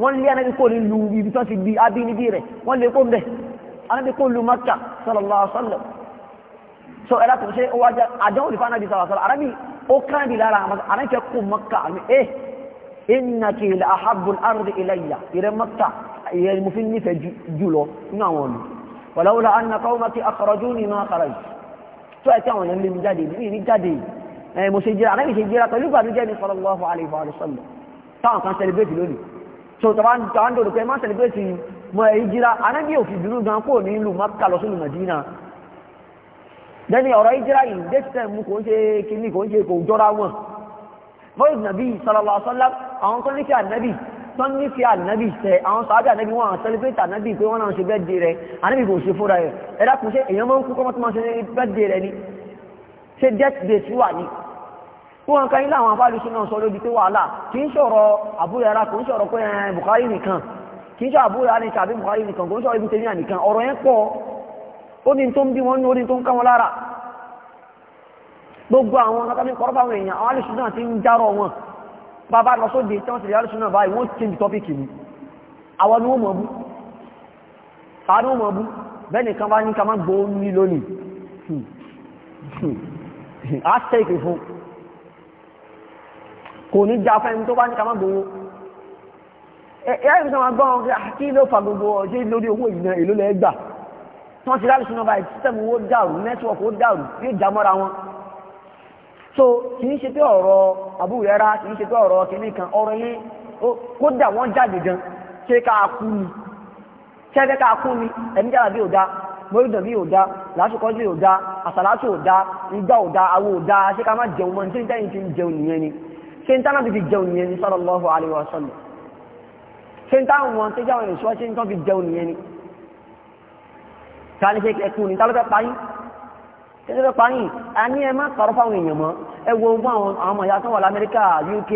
wọ́n lé anábì kò nílu ibi tó ti di abínibí rẹ̀ wọ́n lè kó ń bẹ̀ anábì kò lu maka sallallahu alaihi wasallam so ẹ̀rá tó ṣe ó wájá àdánwò lè fánábì sallallahu alaihi wasallam arábì ó kán di lára àmọ́ anábì fẹ́ kó maka àmì eh innaki la ahabbul ardi ilayya ìrẹ maka ìyẹn mo fi nífẹ̀ẹ́ jùlọ nínú àwọn ọ̀nà wàláwùlá anna qaumaki akhrajuni ma kharaj tó ẹ̀ tí àwọn ènìyàn lè mi jáde ní ìní jáde mo ṣe jira anábì ṣe jira pẹ̀lú ìgbàdújẹ́ ní sallallahu alaihi wasallam táwọn kan celebrate lónìí so tàbá ń dòdò pé má celebrate mọ́ ẹ̀yí jíra anábí òfin dúró gan kò ní ìlú Mákà lọ sílùú Mẹdínà dẹni ọ̀rọ̀ ìjíra yìí dẹ́sítẹ̀ mú kò ń ṣe kíní kò ń ṣe kò jọra wọn mọ́yìn nàbí sallallahu alaihi wasallam àwọn tó nífẹ̀ẹ́ ànábì tó nífẹ̀ẹ́ ànábì tẹ àwọn sàábẹ̀ ànábì wọn àwọn celebrate ànábì pé wọ́n náà ṣe bẹ́ẹ̀dẹ̀ rẹ ànábì kò ṣe fúnra rẹ ẹ̀dá kò ṣe èèyàn máa ń kú kọ́mọ́tí ṣe bẹ́ẹ̀dẹ̀ rẹ ni ṣe death day sí wà ní wọn kan ilé àwọn afáàlùsí náà sọ lóbi pé wàhálà kì í sọ̀rọ̀ àbúyára kò ń sọ̀rọ̀ pé ẹn eh, Bukhari nìkan kì í sọ àbúyára ní tàbí Bukhari nìkan kò ń sọ̀rọ̀ ibi tèmi nìkan ọ̀rọ̀ yẹn pọ̀ ó ní tó ń bí wọn ní ó ní tó ń ká wọn lára gbogbo àwọn akẹ́kọ̀ọ́ ní kọ́rọ́fà àwọn èèyàn àwọn àlùsí náà ti ń járọ̀ wọn bàbá lọ sóde tí wọ́n ti rí àlùsí náà báyìí wọ́n ti ń tọ́pìkì mi àwọn ni wọ́n mọ̀ bú hmm. Hmm. fún kò ní já fẹ́ni tó bá ní ká má gbowó ẹ̀yà ìrìnsà máa gbọ́n ọ̀gá kí ló fa gbogbo ọ̀jẹ́ lórí owó ìdìnà èlò lẹ́ gbà tí wọ́n ti láti sinú ọba owó dàrú nẹ́tíwọ̀kì ó dàrú yóò já mọ́ra wọn so kì í ṣe pé ọ̀rọ̀ àbúrẹ́ra kì í ṣe pé ọ̀rọ̀ kìíní kan ọ̀rọ̀ yẹn kódà wọ́n jáde gan ṣé ká kú ni ṣẹ́fẹ́ ká kú ni ẹ̀mí ò da mọ́rídàn ò da lásìkò da àsàlátò ò da igbá ò da awo ò da ṣé ká má jẹun mọ́ nítorí tẹ́yìn ti ń jẹun nìyẹn ni ṣe ń tánà fi jẹun nìyẹn ni sallallahu alaihi wa sallam ṣe ń táwọn wọn tó jáwọn ènìyàn ṣe ń tán fi jẹun nìyẹn ni tani ṣe ẹkùn ní tálọ́fẹ́ parí tẹ́lẹ́fẹ́ parí a ní ẹ má parọ́ fáwọn èèyàn mọ́ ẹ wo fún àwọn ọmọ ìyá tó wà lamẹ́ríkà UK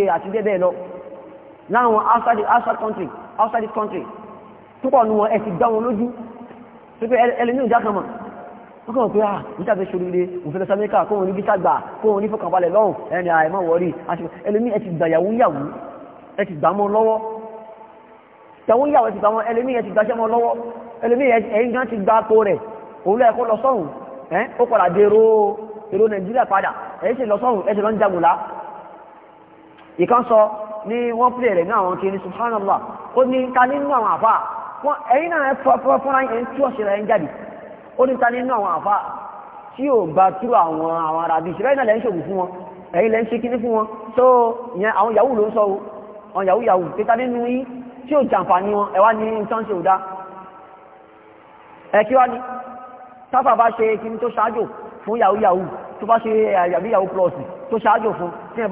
àti wọ́n kàn pé ah níta fẹ́ ṣoríire òfin lọ́sọ amẹ́ríkà kóhun ní bísà gbà kóhun ní fọkànbalẹ̀ lọ́hùn ẹni àìmọ̀ wọ̀rí ẹlòmí ẹ ti gbà yàwó yàwó ẹ ti gbà mọ́ lọ́wọ́ yàwó yàwó ẹ ti gbà mọ́ ẹlòmí ẹ ti gbà sẹ́mọ́ lọ́wọ́ ẹlòmí ẹ̀yìn gan ti gbà po rẹ̀ òun lẹ́ẹ̀kọ́ lọ sọ́hùn ẹ́ ó padà dé ro èrò nàìjíríà padà ẹ̀yìn sì lọ sọ́hùn ẹ̀ sì lọ ń jagunlá ó ní ta nínú àwọn àfà tí ò bá tú àwọn àwọn ará bíi ṣẹlẹ̀ náà lẹ́ ń ṣògùn fún wọn ẹ̀yin lẹ́ ń ṣe kíní fún wọn tó yẹn àwọn yahoo ló ń sọ àwọn yahoo yahoo pé ta nínú yín tí ò jàǹfààní wọn ẹ̀wá ní nǹkan ṣe ò dá ẹ̀ kí wá ní táfà bá ṣe kíní tó ṣáájò fún yahoo yahoo tó bá ṣe àyàbí yahoo plus tó ṣáájò fún tí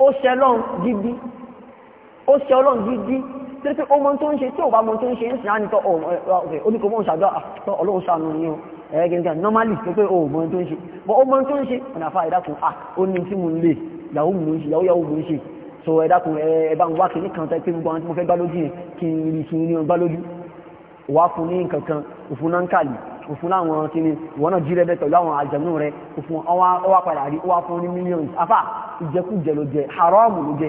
ó ṣẹlọ́un gidi ó ṣe ọlọ́run gidi tí pé ó mọ tó ń ṣe tí ò bá mọ tó ń ṣe ń sìn á ní mọ́ ṣàdọ́ àtọ́ ọlọ́run ṣàánú ni ó normally tó pé ó mọ tó ń ṣe so ẹ̀dákun ẹ ń wá kìíní kan tẹ́ pé gbogbo tí mo fẹ́ bá lójú kí n rí kí n rí lójú wàá fún ní nǹkan kan náà ń kàlì òfun láwọn kìíní ìwọ náà jí rẹ́bẹ̀ pẹ̀lú àwọn àjẹmú rẹ òfun ọwá padà rí ó wá fún ní mílíọ̀nù afá ìjẹkújẹ ló jẹ haramu ló jẹ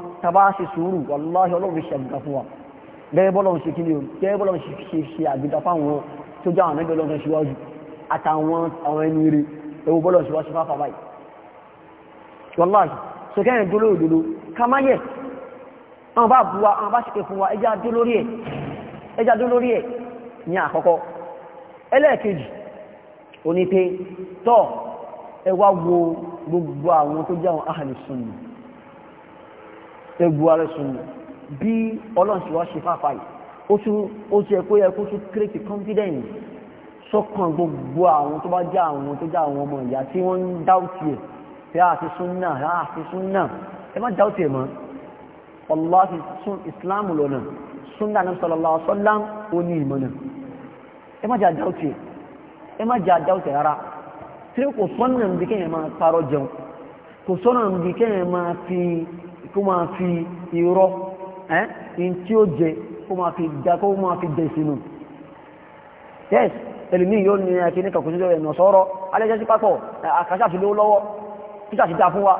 tàbá ṣe sùúrù wàláhì ọlọ́run fi ṣe àgbà fún wa gẹ́gẹ́ bọ́lọ̀ ṣe kí ni o gẹ́gẹ́ bọ́lọ̀ ṣe ṣe àgbà fáwọn tó já àwọn ẹgbẹ́ lọ́gbẹ́ síwájú àtàwọn àwọn ẹni rẹ̀ ewu bọ́lọ̀ ṣe wá sí fáfà báyìí wàláhì so kẹ́yìn dúró òdodo ká má yẹ àwọn bá bu wa àwọn bá ṣe pé fún wa ẹja dúró lórí ẹ ẹja dúró lórí ẹ ní àkọ́kọ́ ẹlẹ́ẹ̀kejì oní pé tọ́ ẹ wá wo gbogbo àwọn tó jẹ́ àwọn ahàlùsùn nù ẹgbù ara sùn bí ọlọ́nṣìwá ṣe fáfá yìí ó tún ó tún ẹkó yẹ kó tún create confidence sọ́kàn gbogbo àwọn tó bá jẹ́ àwọn tó jẹ́ àwọn ọmọ ìyá tí wọ́n ń dáùtì ẹ̀ pé àti súnnà àti súnnà ẹ má dáùtì ẹ̀ mọ́ Allah ti sún Islam lọ́nà súnnà náà sallallahu alaihi wasallam ó ní ìmọ̀ náà ẹ má jẹ́ dáùtì ẹ̀ ẹ má jẹ́ dáùtì ẹ̀ rárá tí kò sọ́nà níbi kéèyàn máa parọ́ jẹun kò sọ́nà níbi kéèyàn máa fi kó máa fi irọ́ ẹ̀yìn tí ó jẹ kó máa fi já kó máa fi jẹ ìsinú yes ẹlùmí yóò ní akíní kàkùnjú ẹ̀nà sọ́rọ̀ alẹ́jẹ́ sí pápọ̀ àkàṣà fi lówó lọ́wọ́ títà sí dá fún wa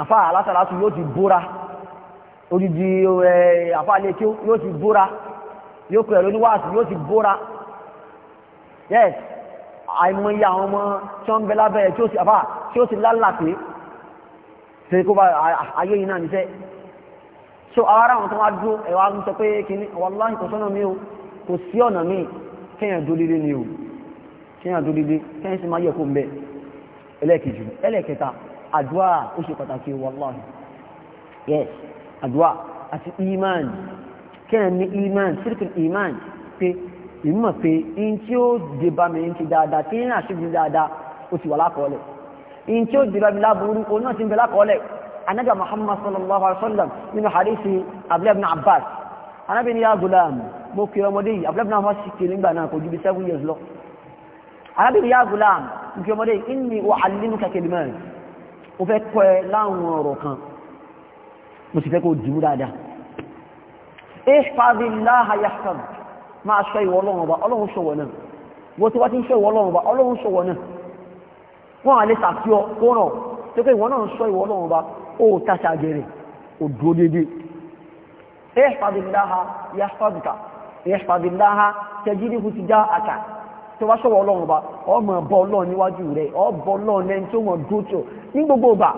àfá alásàlátù yóò ti búra odidi àfá alẹ́kí yóò ti búra yóò kọ̀ ẹ̀rọ níwáàsì yóò ti búra yes àìmọye àwọn ọmọ tí wọ́n ń bẹ lábẹ́ tí ó ti lálàpé ṣe kó bá ayé iná níṣẹ́ so ara wọn tó wá dúró ẹwà ń sọ pé kìíní wàláhì kò sọ́nà mi o kò sí ọ̀nà mi kéèyàn dó lílé ni o kéèyàn dó lílé kéèyàn sì máa yẹ kó ń bẹ ẹlẹ́ẹ̀kejì ẹlẹ́ẹ̀kẹta àdúrà ó ṣe pàtàkì wàláhì yes àdúrà àti iman kéèyàn ní iman sírkì iman pé ìmọ̀ pé in tí ó dé bá mi ń ti dáadáa kéèyàn àṣíbi dáadáa ó ti wà lákọọ́lẹ̀ in tí ó jùlọ bí láburú o náà ti ń bẹ lákọọ́lẹ̀ anábì muhammad sallallahu alaihi wasallam nínú hadisi abdullahi ibn abbas anábì ni ya gulam mo kí ọmọdé yìí abdullahi ibn abbas kí nígbà náà kò ju bí seven years lọ anábì ni ya gulam mo kí ọmọdé yìí inni uallimuka kalimat o fẹ́ kọ́ ẹ láwọn ọ̀rọ̀ kan mo sì fẹ́ kó dìmú dáadáa ihfazillaha yahfaz máa ṣọ ìwọ ọlọ́run ọba ọlọ́run ṣọwọ́ náà wọ́n ti wá ti ń ṣọ ìwọ ọlọ́run ọba ọlọ́run ṣọwọ́ náà wọ́n àlẹ́ tàbí ọ tó tó ìwọ náà ń sọ ìwọ náà bá ó tàṣà gẹ̀rẹ̀ ò dúró dédé ẹ̀fàdìláha yasfàdìkà ti já àkà tó wá sọ̀rọ̀ ọlọ́run bá ọmọ bọ́ ọlọ́run níwájú rẹ̀ ọbọ̀ ọlọ́run lẹ́ni tó mọ̀ gbogbo ọba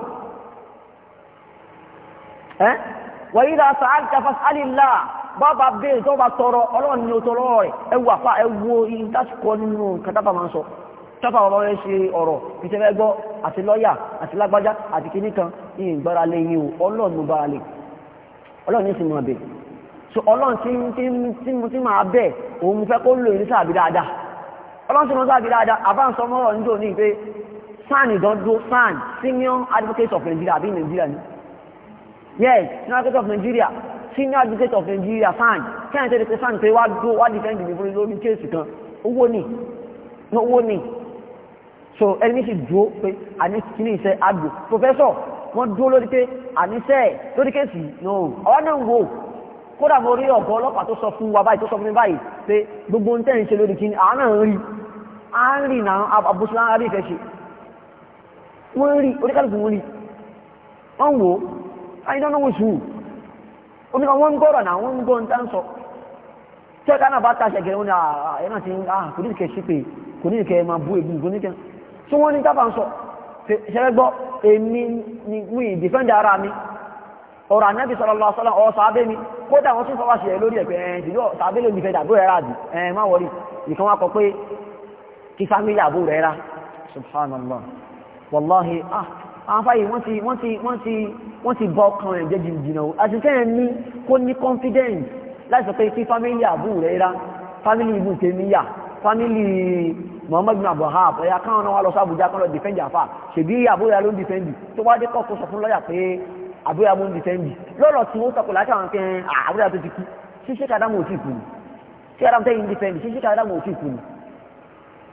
tọ́pọ̀ àwọn ọmọ ṣe ọ̀rọ̀ ìtẹ́fẹ́ gbọ́ àti lọ́yà àti lágbájá àti kìíní kan ìyìn gbára lé yìí o ọlọ́run bára lè ọlọ́run ní sì mọ̀ so ọlọ́run tí mo ti máa bẹ̀ òun fẹ́ kó lò ní sáàbí dáadáa ọlọ́run tí mo sáàbí dáadáa àbáǹsọ mọ́rọ̀ níjò ní pé SAN ìdán dúró SAN senior advocate of Nigeria àbí Nigeria ni yes senior advocate of Nigeria senior advocate of Nigeria SAN kẹ́hìn tẹ́lẹ̀ pé SAN pé wá dúró wá defend ìdìbò lórí kéèsì kan owó ni owó ni so ẹni sì dúó pé àní kíní iṣẹ́ àgbò professor wọ́n dúó lórí pé àníṣẹ́ lórí kéèsì no ọwọ́ náà ń wo kódà mo rí ọ̀gọ́ ọlọ́pàá tó sọ fún wa báyìí tó sọ fún mi báyìí pé gbogbo ń tẹ́yìn ṣe lórí kíní àwọn náà ń rí a ń rí náà abúṣe láńlá bí ìfẹ́ ṣe wọ́n ń rí oníkálùkù wọ́n rí wọ́n wò ó àyídáná wọ́n sùúrù omi kan wọ́n ń gbọ́rọ̀ náà wọ́n ń gbọ́ ń tán sọ tẹ́ka náà bá tàṣẹ gẹ̀rẹ́ wọn ni àà ah, ẹ̀rọ ti ń ah, kò ní tí wọ́n ní tábà ń sọ ṣẹgbọ́ èmi ni wí ìdìfẹ́ndà ara mi ọ̀rọ̀ ànábì sallallahu alaihi wasallam ọ̀sọ̀ abẹ́ mi kódà wọ́n tún fọwọ́ sí ẹ lórí ẹ̀pẹ́ ẹ̀ẹ́n ṣùgbọ́n ọ̀sọ̀ abẹ́ ló ń dìfẹ́ndà àbúrò ẹ̀rá àbí ẹ̀ẹ́n má wọrí ìkan wá kọ pé subhanallah wallahi ah àwọn fáyì wọ́n ti wọ́n ti wọ́n ti wọ́n ti bọ́ kan ẹ̀jẹ̀ jìnnà o àti kẹ́hìn ní kó ní confidence láti sọ pé kí muhammad bin abdulhab ẹ̀yà káwọn náà wà lọ sí abuja kan lọ dìfẹ́ǹdì àfà ṣèbí àbóyá ló ń dìfẹ́ǹdì tó wá dé kọ́ọ̀tù sọ fún lọ́yà pé àbóyá ló ń dìfẹ́ǹdì lọ́rọ̀ tí wọ́n sọkò láti àwọn kẹ́hìn ah, àbóyá tó ti kú ṣíṣe kàdámù òtí kù ni ṣíṣe kàdámù tẹ́yìn dìfẹ́ǹdì ṣíṣe kàdámù òtí kù ni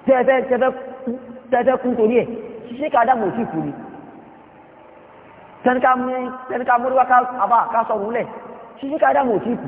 tẹ́ẹ̀fẹ́ kú torí ẹ̀ ṣíṣe kàdámù òtí kù ni tẹ́nìkà múrí wá ká sọ̀rọ̀ lẹ̀ ṣíṣe kàdámù òtí kù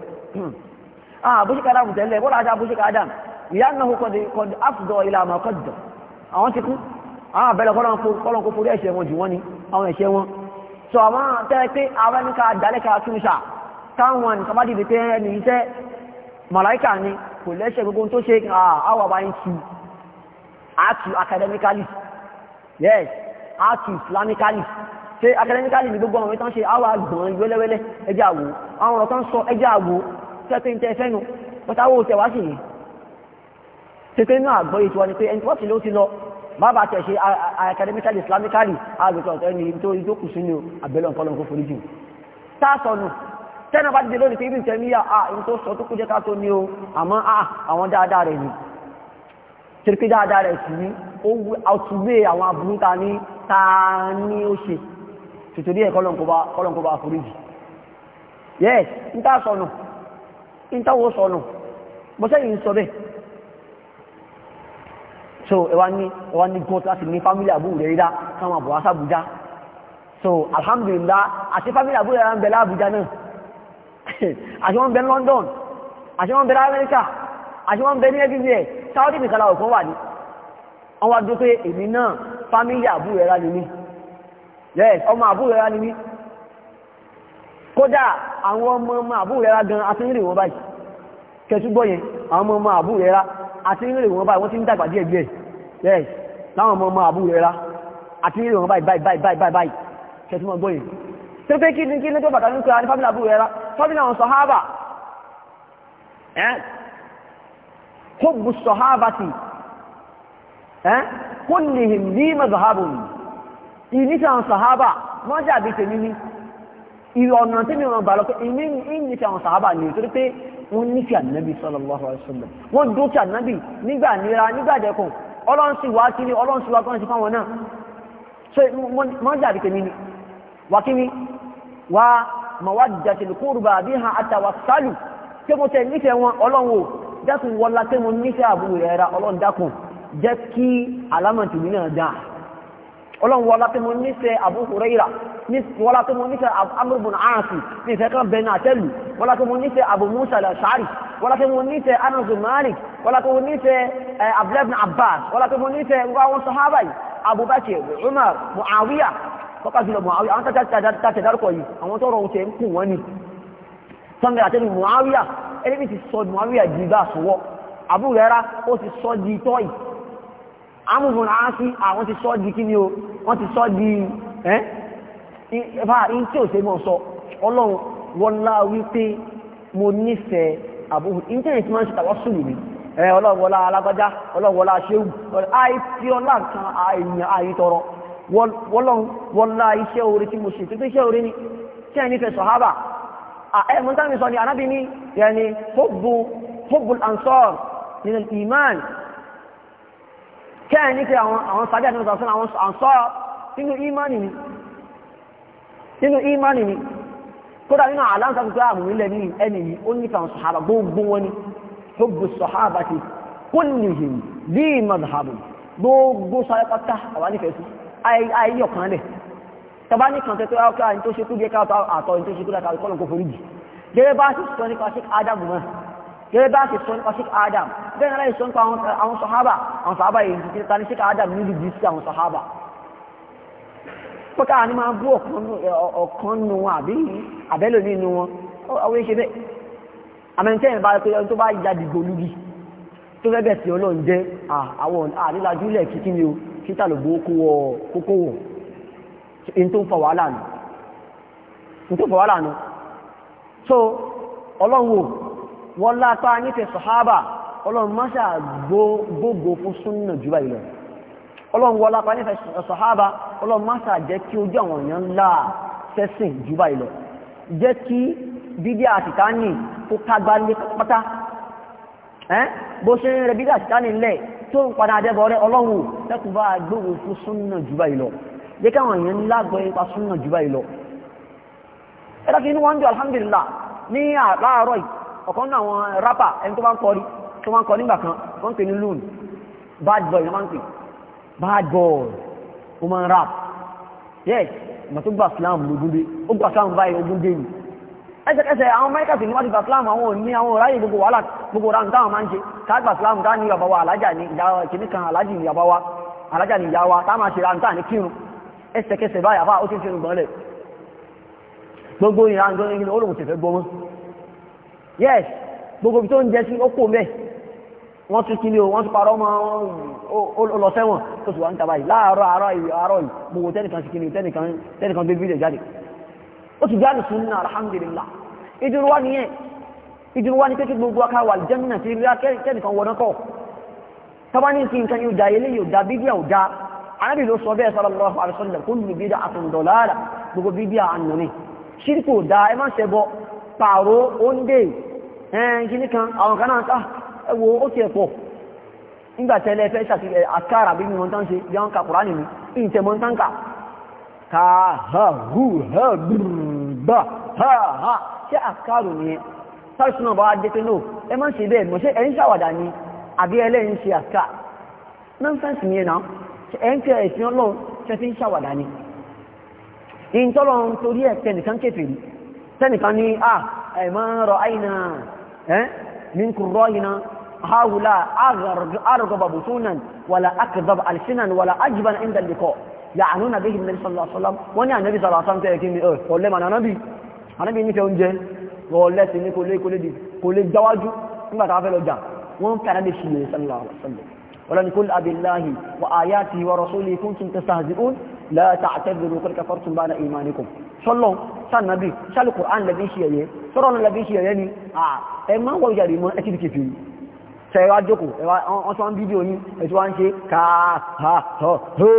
ah bó ṣe ká adam tẹ́lẹ̀ bọ́lá ajá bó ṣe ká adam ìyánahu kọ̀dì afdọ̀ ilẹ̀ àmà kọ̀dọ̀ àwọn ti kú àwọn àbẹ̀lẹ̀ kọ́lọ̀n kó forí ẹ̀ṣẹ̀ wọn jù wọ́n ni àwọn ẹ̀ṣẹ̀ wọn so àwọn tẹ́lẹ̀ pé àwọn ẹni ká dalẹ̀ ká tún ṣà táwọn nǹkan bá dìde pé ẹni iṣẹ́ màláìkà ni kò lẹ́ṣẹ̀ gbogbo tó ṣe àwọn àbáyé tu àtù academically yes àtù islamically ṣe academically ni gbogbo àwọn ìtàn ṣe àwọn àgbọ̀n wẹ́lẹ́wẹ́lẹ́ ẹjẹ́ àwò àwọn ọ̀rọ̀ sọ ẹjẹ́ àwò tẹ́pẹ́ ń tẹ́ fẹ́nu pátá owó tẹ̀wá sì yìí tẹ́pẹ́ náà àgbọ́yé tiwa ni pé ẹni tó ti ló ti lọ bàbá tẹ̀ ṣe academically islamically àgbẹ̀tọ̀ ọ̀tọ̀ ẹni tó ìjókòó sí ni àbẹ̀lọ̀ nǹkan lọ́nkọ́ foríjì tá a sọnù tẹ́nà bá dìde lónìí pé ibi ìtẹ̀míyà à ń tó sọ tó kú jẹ́ ká tó ní o àmọ́ à àwọn dáadáa rẹ̀ ni tìrìkì dáadáa rẹ̀ sí ní ó túgbé àwọn aburú ta ní ta ní ó ṣe tìtòrí ẹ̀ kọ́lọ̀nkọ́bá foríjì yes ń tá sọnù ìtawọ̀ sọ̀nù bọ́sẹ̀yìn sọ bẹ́ẹ̀ so ẹwà ní ẹwà ní gọ́t láti ní fámílì àbúrò rẹ̀ ríra káwọn àbọ̀ asábújá so alhamdulillah àti fámílì àbúrò rẹ̀ ń bẹ lábújá náà àti wọ́n bẹ London àti wọ́n bẹ Amẹ́ríkà àti wọ́n bẹ ní ẹgbẹ̀rẹ̀ sáwọ́dì nìkan ọ̀kan wà ní wọ́n wá dó ni mí yes ọmọ àbúrò ni kódà àwọn ọmọ ọmọ àbúrẹ́ra gan àti ìrìn wọn báyìí kẹtúgbọ́ yẹn àwọn ọmọ ọmọ àbúrẹ́ra àti ìrìn wọn báyìí wọ́n ti ń dàgbà díẹ̀ díẹ̀ yes láwọn ọmọ ọmọ àbúrẹ́ra àti ìrìn wọn báyìí báyìí báyìí báyìí báyìí kẹtúmọ̀ gbọ́ yẹn tó pé kí ni ìníṣẹ́ àwọn sọ̀hábà mọ́jà bí tèmi ní ìrọ̀ ọ̀nà tí mi ràn bà lọ pé ìní ìní ti àwọn sàábà ní torí pé wọ́n nífẹ̀ẹ́ ànábì sallallahu alaihi wasallam wọ́n dókè ànábì nígbà nira nígbà dẹkùn ọlọ́run sì wá kí ni ọlọ́run sì wá fáwọn náà ṣe mọ́ jàbí tèmi ni wà kí ni wà mawaddatil qurba biha atawassalu tí mo tẹ̀ nífẹ̀ẹ́ wọn ọlọ́run o wọlá tí mo nífẹ̀ẹ́ àbúrò rẹ̀ ra ọlọ́run ọlọ́run wọlá tí mo nífẹ̀ẹ́ Abu Huraira wọlá tí mo nífẹ̀ẹ́ Amr ibn Aasi ní ìfẹ́ kan bẹ̀rẹ̀ àtẹ́lù wọlá tí mo nífẹ̀ẹ́ Abu Musa al-Ash'ari wọlá tí mo nífẹ̀ẹ́ Anas ibn Malik wọlá tí mo nífẹ̀ẹ́ Abdullah ibn Abbas wọlá tí mo nífẹ̀ẹ́ gbogbo àwọn sahaba yìí Abubakar Umar Muawiya kọ́kà jùlọ Muawiya àwọn tàtẹ̀ dárúkọ yìí àwọn tó rọrùn tẹ̀ ń kù wọ́n ni sọ́ngẹ̀ àtẹ́lù sọ amúhùn áásí àwọn ti sọ́ di kí ni o wọ́n ti sọ́ di ẹ́ ẹ̀fà in tí ò ṣe mọ́ sọ ọlọ́run wọlá wípé mo nífẹ̀ẹ́ àbúhùn in tí èyí ti máa ń ṣe tàwọn sùn mi ẹ ọlọ́run wọlá alágbájá ọlọ́run wọlá ṣéwù àìsí ọlá kan àìyàn àìtọrọ wọlọ́run wọlá iṣẹ́ oore tí mo ṣe tó iṣẹ́ oore ni tí ẹ nífẹ̀ẹ́ sọ̀hábà ẹ mọ́tàmí sọ ni anábì ní yẹni hubbul ansar nínú ìmáàni kẹ́ẹ̀ ní pé àwọn sàbí àti ìsọ̀sọ́ àwọn àǹsọ́ nínú ìmánì ni nínú ìmánì ni kódà nínú àlàǹsà tó àmù ilẹ̀ ní ẹni yìí ó ní fàwọn sọ̀hábà gbogbo wọn ni gbogbo sọ̀hábà ti kullihim bí madhhabu gbogbo sọ̀hábà pátá àwọn nífẹ̀ẹ́ sí ayé ọ̀kan lẹ̀ tọba ní kan tẹ́tọ́ ọkọ̀ ah, àyíntó ṣe kú díẹ̀ káàtọ̀ àtọ̀ àyíntó ṣe kú díẹ̀ káàtọ̀ kọ́lọ̀ kò forí jì gẹ́gẹ́ bá ti sọ nípa ṣe ádámù náà gẹ́gẹ́ bá ti sọ nípa Sheikh Adam bẹ́ẹ̀ náà sọ nípa àwọn sọ̀hábà àwọn sọ̀hábà yìí ti ta ní Sheikh Adam nílùú bí sí àwọn sọ̀hábà pọ́ká àní máa bú ọ̀kan nù wọn àbí àbẹ́lò nínú wọn àwọn èṣe bẹ́ẹ̀ àmẹ́ntẹ́yìn bá pé ọdún tó bá ya dìgbò lúgi tó fẹ́bẹ̀ sí ọlọ́run jẹ́ so ọlọ́run wò wọ́n látọ́ anífẹ́ sọ̀hábà ọlọ́run má ṣà gbogbo fún súnnà jù báyìí lọ ọlọ́run wọ́n látọ́ anífẹ́ sọ̀hábà ọlọ́run má ṣà jẹ́ kí ojú àwọn èèyàn ńlá sẹ́sìn jù báyìí lọ jẹ́ kí bídí àtìkáni kó kágbá lé pátá bó ṣe ń rẹ bídí àtìkáni lẹ̀ tó ń padà dẹ́bọ̀ rẹ ọlọ́run lẹ́kùn bá yìí ọ̀kan náà àwọn rápà ẹni tó bá ń kọrí tó bá kọ nígbà kan wọ́n ń pè ní loon bad boy wọ́n máa ń pè bad boy ó máa ń rap yes ìmọ̀ tó gbà slam lógún dé ó gbà slam báyìí ogún dé yìí ẹsẹ̀kẹsẹ̀ àwọn mẹ́kàsì níwájú gbà slam àwọn òní àwọn òráyè gbogbo wàhálà gbogbo ra nǹkan àwọn máa ń ṣe ká gbà slam dá ní ìyàbá wa alájà ní ìyàwó kìíní kan alájì ní ìyàbá wa alájà ní ìyàwó tá máa ṣe ra nǹkan ní kírun ẹsẹ̀kẹsẹ̀ báyìí àbá ó ti ń ṣe gbọ́n lẹ̀ gbogbo ìran gbọ́n ní olóhùn tẹ̀fẹ́ gbọ́n yes gbogbo ibi tó ń jẹ sí ó kò mẹ́ wọ́n tún kílé o wọ́n tún parọ́ mọ́ ọ lọ sẹ́wọ̀n tó sì wá ń tàbá yìí láàárọ̀ àárọ̀ ìwé àárọ̀ yìí gbogbo tẹ́nìkan sí kílé tẹ́nìkan tẹ́nìkan gbé bílẹ̀ jáde ó ti jáde sùn náà alhamdulillah ìdúró wá nìyẹn ìdúró wá ní pé kí gbogbo aká wà jẹ́mínà sí rí tẹ́nìkan wọ̀nà kọ́ tọ́ba ní kí nǹkan yóò da eléyìí ò da bídíà ò da anábì ló sọ bẹ́ẹ̀ sallallahu alaihi wasallam kullu bid'atin dalalah gbogbo bídíà àná ni ṣírkù ò da ẹ má ṣẹbọ pààrọ̀ òǹdè ẹ̀ẹ́n kí kan àwọn kan náà ah, ẹwọ ó ti ẹ̀pọ̀ nígbàtẹ́lẹ̀ fẹ́ ṣàtìlẹ̀ àkàrà bí wọn tán ṣe bí wọn ka kùránì ìtẹ̀mọ́ tán kà ha hù ha gbùrùgbà ha ha ṣe àkàrù nìyẹn sáàrùsùn náà bá wá dé pé náà ẹ má ṣe bẹ́ẹ̀ mọ̀ ṣe ẹ̀ ń ṣàwàdà ni àbí ẹlẹ́yìn ṣe àkà nọ́ńsẹ̀nsì nìyẹn náà ẹ̀ ń tẹ ẹ̀sìn ọlọ́run ṣe fi ń ni torí ẹ̀ tẹnìkan kéfèé tẹnìkan ní à àìnà إيه؟ منكم راهنا هؤلاء أغرب أرغب بطونا ولا أكذب ألسنا ولا أجبن عند اللقاء يعنون به النبي صلى الله عليه وسلم وانا النبي صلى الله عليه وسلم إيه؟ قول لهم أنا نبي أنا نبي نفي أنجل قول لهم سيني كله كله دي كله دواجو ثم تعافي لو جام وهم كان نبي صلى الله عليه وسلم ولن كل أبي الله وآياته ورسوله كنتم تستهزئون لا تعتذروا قل كفرتم بعد إيمانكم sọ́lọ́n sànàbí sálù kùrán lẹ́bí ṣe ẹ̀yẹ sọ́rọ̀ lẹ́bí ṣe ẹ̀yẹ ni ẹ máa wọ́n yàrí mọ́ ẹ̀kì kìfì sẹ́wà jókòó ẹwà wọ́n sọ ń bídíò ní ẹ̀tí wá ń ṣe káàkiri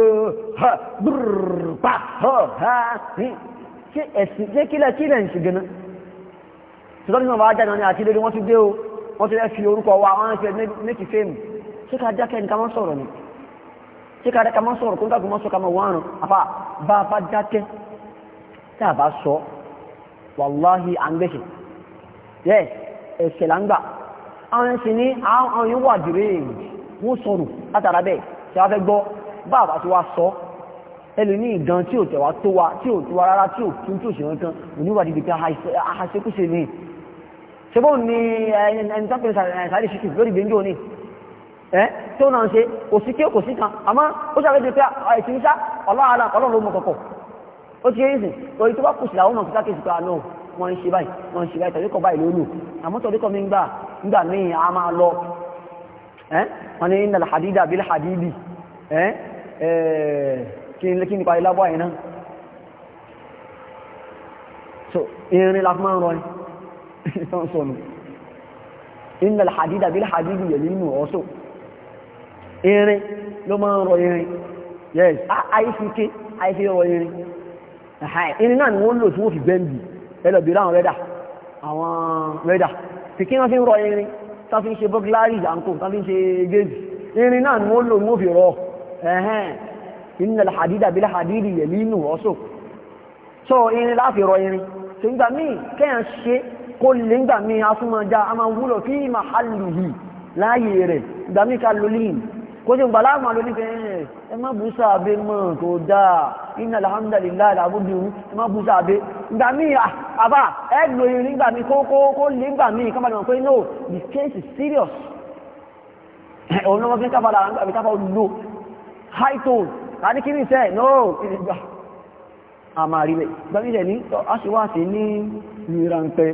ṣe ká dákẹ́ mọ́ sọ̀rọ̀ kó ń dàgbùmọ́ sọ ká mọ̀ wọ́n rùn àpá bá bá dákẹ́ tá a bá sọ wàláhì à ń gbẹ̀ṣẹ̀ yes ẹ̀ṣẹ̀ là ń gbà àwọn ẹ̀ṣẹ̀ ní àwọn yóò wà jùlọ èèyàn wọ́n sọ̀rọ̀ látara bẹ́ẹ̀ tí a fẹ́ gbọ́ bá a bá ti wá sọ ẹlòmíì gan tí ò tẹ̀wá tó wa tí ò tó wa rárá tí ò tún tí ò ṣe wọn kan oníwà òní ẹ́ ó ti yẹ́ ìsìn torí tó bá kù sí àwọn ọmọ kíkà kejì pa ah, náà wọ́n ń ṣe báyìí wọ́n ń ṣe báyìí tọ̀ríkọ̀ báyìí lónù àmọ́ tọ̀ríkọ̀ mi ń gbà nígbà míì a máa lọ wọ́n ní ìnàlá hadida bí hadidi kí ni parí lábọ́ àyínà so irin la máa ń rọ ni tó ń sọnù ìnàlá hadida bí hadidi yẹ̀ nínú ọ̀ṣọ́ irin ló máa ń rọ irin yes àìsíké àìsí rọ irin irin náà ni wọ́n lò tí wọ́n fi bẹ́ǹdì ẹlọ́bí láwọn rẹ́dà àwọn rẹ́dà fi kí wọ́n fi ń rọ irin tá fi ń ṣe bọ́gláàrì àǹkò tá fi ń ṣe géèjì irin náà ni wọ́n lò ni wọ́n fi rọ ẹ̀hẹ́n iná làhàdídà bí làhàdídì yẹ̀ nínú ọ̀ṣọ́ so irin láfi rọ irin tó ń gbà míì kẹ́yàn ṣe kó lè ń gbà míì asúnmọ́já a máa wúlò fí màhálù yìí láàyè rẹ̀ gbà míì ká lólìn kójú gbàláàmà ló ní fẹ́ẹ̀rẹ̀ ẹ má bú sáàbé mọ́ tó dáa iná alhamdulillah àbúdìrú ẹ má bú sáàbé ìgbà míì àbá ẹgbò yìí nígbà míì kó lè gbà míì kábàdà wọn pé no this case is serious òun lọ́wọ́ fi kábàdà àbí kábà lò high tone láti kí ní sẹ́ no ìgbà àmà rí rẹ̀ gbà mí rẹ̀ ní aṣíwáṣí ní ìrànpẹ́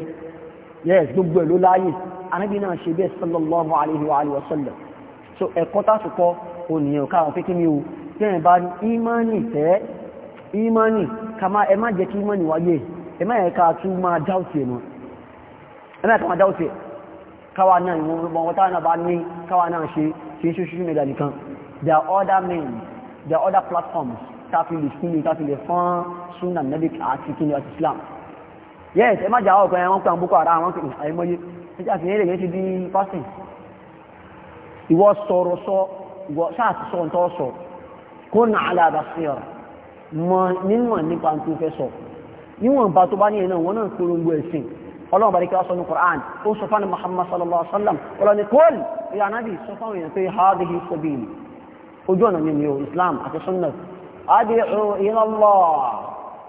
yes gbogbo ẹ̀ ló láàyè anábì náà ṣe bẹ́ẹ̀ sallallahu wa sallam so ẹ̀kọ́ tásùkọ́ ònìyàn káwọn pé kí ni o tẹ́yìn bá ní ìmánì tẹ́ ìmánì kama ẹ má jẹ́ kí ìmánì wáyé ẹ má yẹ ká tún máa dáùtì ẹ̀ mọ́ ẹ má yẹ ká máa dáùtì ẹ̀ káwa náà ìwọ̀n wọ́n táwọn náà bá ní káwa náà ṣe ṣe ṣe ṣe mẹ́ta nìkan there are other men there are other platforms táfi lè sílé táfi lè fọ́n súnà nẹ́bí àti kí ni ọtí Islam yes ẹ má jà ọkọ̀ ẹ̀ wọ́n pẹ̀ àwọn boko haram àwọn kìnnìkan àìmọye ẹ jà sí ilé yẹn ti di fasting ìwọ sọ̀rọ̀ sọ ìwọ sáà ti sọ ntọ́ sọ kó nà á lába sí ọ mọ níwọ̀n nípa tó fẹ́ sọ níwọ̀n bá tó bá ní ẹ̀ wọ́n náà polongo ẹ̀sìn ọlọ́run Qur'an ó sọ Muhammad sallallahu sallam ọlọ́ni kóòl ìyá anábì sọ fún èèyàn pé hadihi sabili ojú ọ̀nà Islam àti sunnah adìrò ila Allah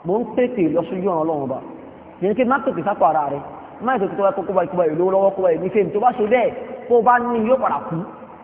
mo ń tètè lọ sójú ọ̀nà ọlọ́run ọba yẹn kí má tètè sápò ara rẹ má tètè tó bá kókó bá ìkóbá ìlú lọ́wọ́ kóbá ìnífẹ̀ẹ́ tó bá ṣe bẹ́ẹ̀ kó bá ní yóò padà kú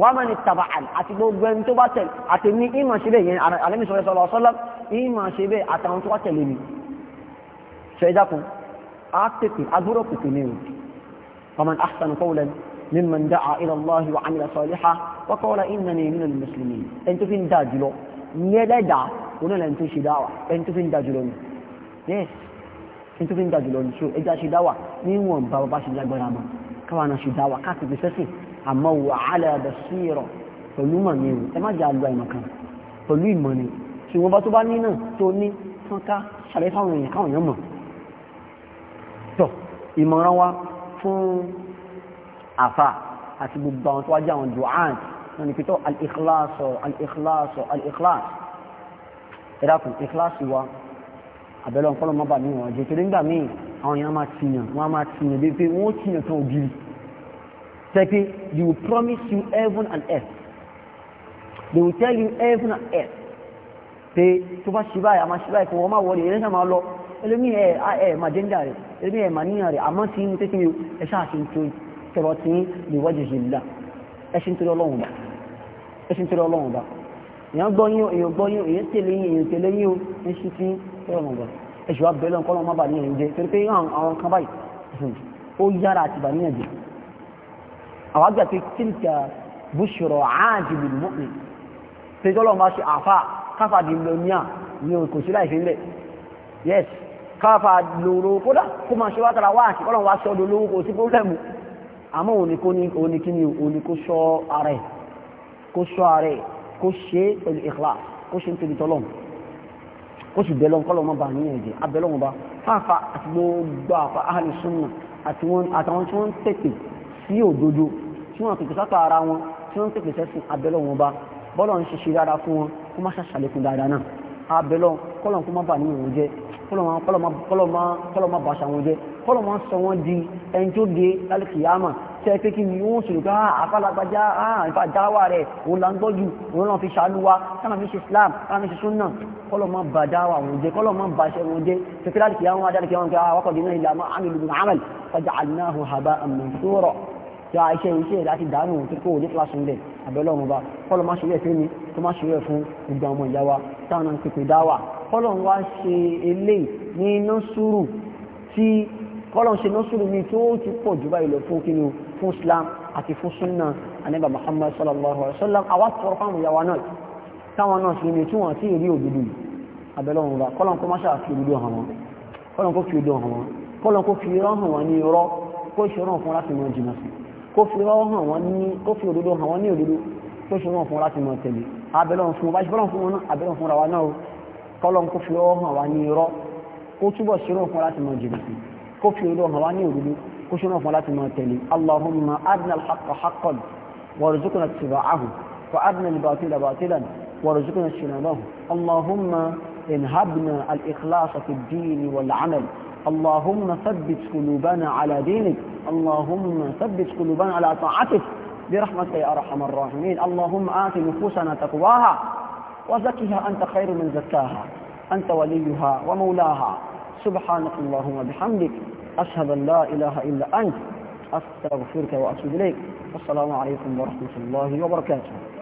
wọ́n mọ̀ ní tàbà àti gbogbo ẹni tó bá tẹ̀lé àti ní ìmọ̀ ṣe bẹ́ẹ̀ yẹn alẹ́mìsọ̀rọ̀ sọ̀rọ̀ ọ̀sọ́lá ìmọ̀ ṣe bẹ́ẹ̀ àtàwọn tó wá tẹ̀lé mi ṣe dákun á tètè agbúrò pèpè ní o faman ahsanu qawlan ń da jùlọ àmọ́ wò àálẹ̀ ẹ̀bẹ̀ sí ìrọ̀ pẹ̀lú mọ̀ ní ẹ má jẹ́ àgbà ìmọ̀kan pẹ̀lú ìmọ̀ ni tí wọ́n bá tó bá ní náà tó ní fọ́nká ṣàlẹ́ fáwọn èèyàn káwọn èèyàn mọ̀ tọ̀ ìmọ̀ràn wa fún àfà àti gbogbo àwọn tó wájú àwọn du'an náà ni pítọ́ al-ikhlaso al ẹ̀dàkùn ikhlas Second, eh, they will promise you heaven and earth. They will tell you heaven and earth. Pé tó bá ṣe báyìí, a máa ṣe báyìí fún wọn máa wọlé, ẹlẹ́sà máa lọ, ẹlẹ́mí ẹ̀ ẹ̀ máa jẹ́ńdà rẹ̀, ẹlẹ́mí ẹ̀ máa níyàn rẹ̀, àmọ́ sí inú tẹ́kí ẹ ṣáà ṣe ń tó tọrọ tí lè wájú ṣe lílà. Ẹ ṣe ń torí ọlọ́run bá. Ẹ ṣe ń torí ọlọ́run bá. Èèyàn gbọ́ yín o, èèyàn gbọ́ yín o, èèyàn tẹ̀lé yín, èèyàn tẹ̀lé yín o, ẹ ṣe fi ọlọ́run bá. Ẹ ṣùgbọ́n abẹ́lẹ́ nǹkan ọlọ́run má bà ní ẹ̀ torí pé àwọn kan báyìí ó yára àtìbà ní ẹ̀jẹ̀ àwọn àgbà pé tílkà búṣọ̀rọ̀ áàjìbì mọ́pìn pé tọ́lọ̀ máa ṣe àfà di lóníà ní òkò sí láìfẹ́ ilẹ̀ yes káfà lòrò kódà kó máa ṣe wátara wá àti kọ́lọ̀ wá sọ ọdún lówó kò sí pọ́lẹ̀mù àmọ́ oníkíní oníkó sọ ara ẹ̀ kó sọ ara ẹ̀ kó ṣe pẹ̀lú ikhlas kó ṣe nítorí tọ́lọ̀ kó sì bẹ̀lọ́ kọ́lọ̀ mọ́ bá níyàn jẹ́ abẹ́lọ́ wọn bá fáfá àti gbogbo àfà ahàlùsùn àtàwọn tí wọ́n tètè sí òdodo tí wọ́n pèsè sápá ara wọn tí wọ́n pèsè sẹ́sìn abẹ́lọ́ wọn bá bọ́lọ̀ ń ṣe ṣe dára fún wọn kó má ṣàṣàlékún dáadáa náà abẹ́lọ́ kọ́lọ̀ kó má bà ní ìwọ̀n jẹ́ kọ́lọ̀ má bàṣà wọn jẹ́ kọ́lọ̀ má sọ wọn di ẹni tó de lálùkìyàmà tẹ́ pé kí ni wọ́n sọ̀rọ̀ pé ah, àfàlàgbàjá ah, àfà dáwà rẹ̀ òun là ń gbọ́jú òun náà fi ṣàánú wa káàmà fi ṣe Islam káàmà fi ṣe súnà kọ́lọ̀ má bà dáwà wọn jẹ́ kọ́lọ̀ má bà ṣe wọn jẹ́ tẹ́ pé lálùkìyàmà wọn adálùkìyàmà wọn pé àwọn akọ̀dé náà ìlànà àmì lùgbọ̀n àmàlì fàjà àlùnáhùn haba àmì sọ̀rọ̀ ya iṣẹ́ iṣẹ́ láti dànù tí kò ní kíláàsì ńlẹ̀ àbẹ́lọ́run bá kọ́lọ̀ má ṣe yẹ fún mi tó má ṣe yẹ fún gbogbo ọmọ ìyá wa táwọn ń pèpè dá wà kọ́lọ̀ wá ṣe eléyìí ní nọ́sùrù tí kọ́lọ̀ ṣe nọ́sùrù mi tó ti pọ̀ jù báyìí lọ fún kíni fún Islam àti fún sunna anábà Muhammad sallallahu alayhi wa sallam àwa tọrọ fáwọn ìyá wa náà táwọn náà sì ní tí wọ́n ti rí òdodo yìí àbẹ́lọ́run bá kọ́lọ̀ kó má ṣe àfi òdodo hàn wọ́n kọ́lọ̀ kó fi òdodo hàn wọ́n ní irọ́ kó ṣe fún láti mọ jìnnà sí i kó fi wọ́n hàn wọ́n ní kó fi òdodo hàn wọ́n ní òdodo tó ṣe wọ́n fún láti mọ̀ tẹ̀lé abẹ́lọ́n fún bá ṣe fọ́lọ́n fún wọn náà abẹ́lọ́n fúnra wa náà o kọ́lọ́n kó fi wọ́n hàn wá ní irọ́ kó túbọ̀ ṣe wọ́n fún láti mọ̀ jìnnà sí kó òdodo hàn wá ní òdodo kó ṣe fún láti mọ̀ tẹ̀lé allahumma adna alhaqqa haqqan warzuqna ittiba'ahu wa adna albatila batilan warzuqna ijtinabahu allahumma inhabna alikhlas fi ad-din wal 'amal اللهم ثبت قلوبنا على دينك اللهم ثبت قلوبنا على طاعتك برحمتك يا أرحم الراحمين اللهم آت نفوسنا تقواها وزكها أنت خير من زكاها أنت وليها ومولاها سبحانك اللهم وبحمدك أشهد أن لا إله إلا أنت أستغفرك وأتوب إليك والسلام عليكم ورحمة الله وبركاته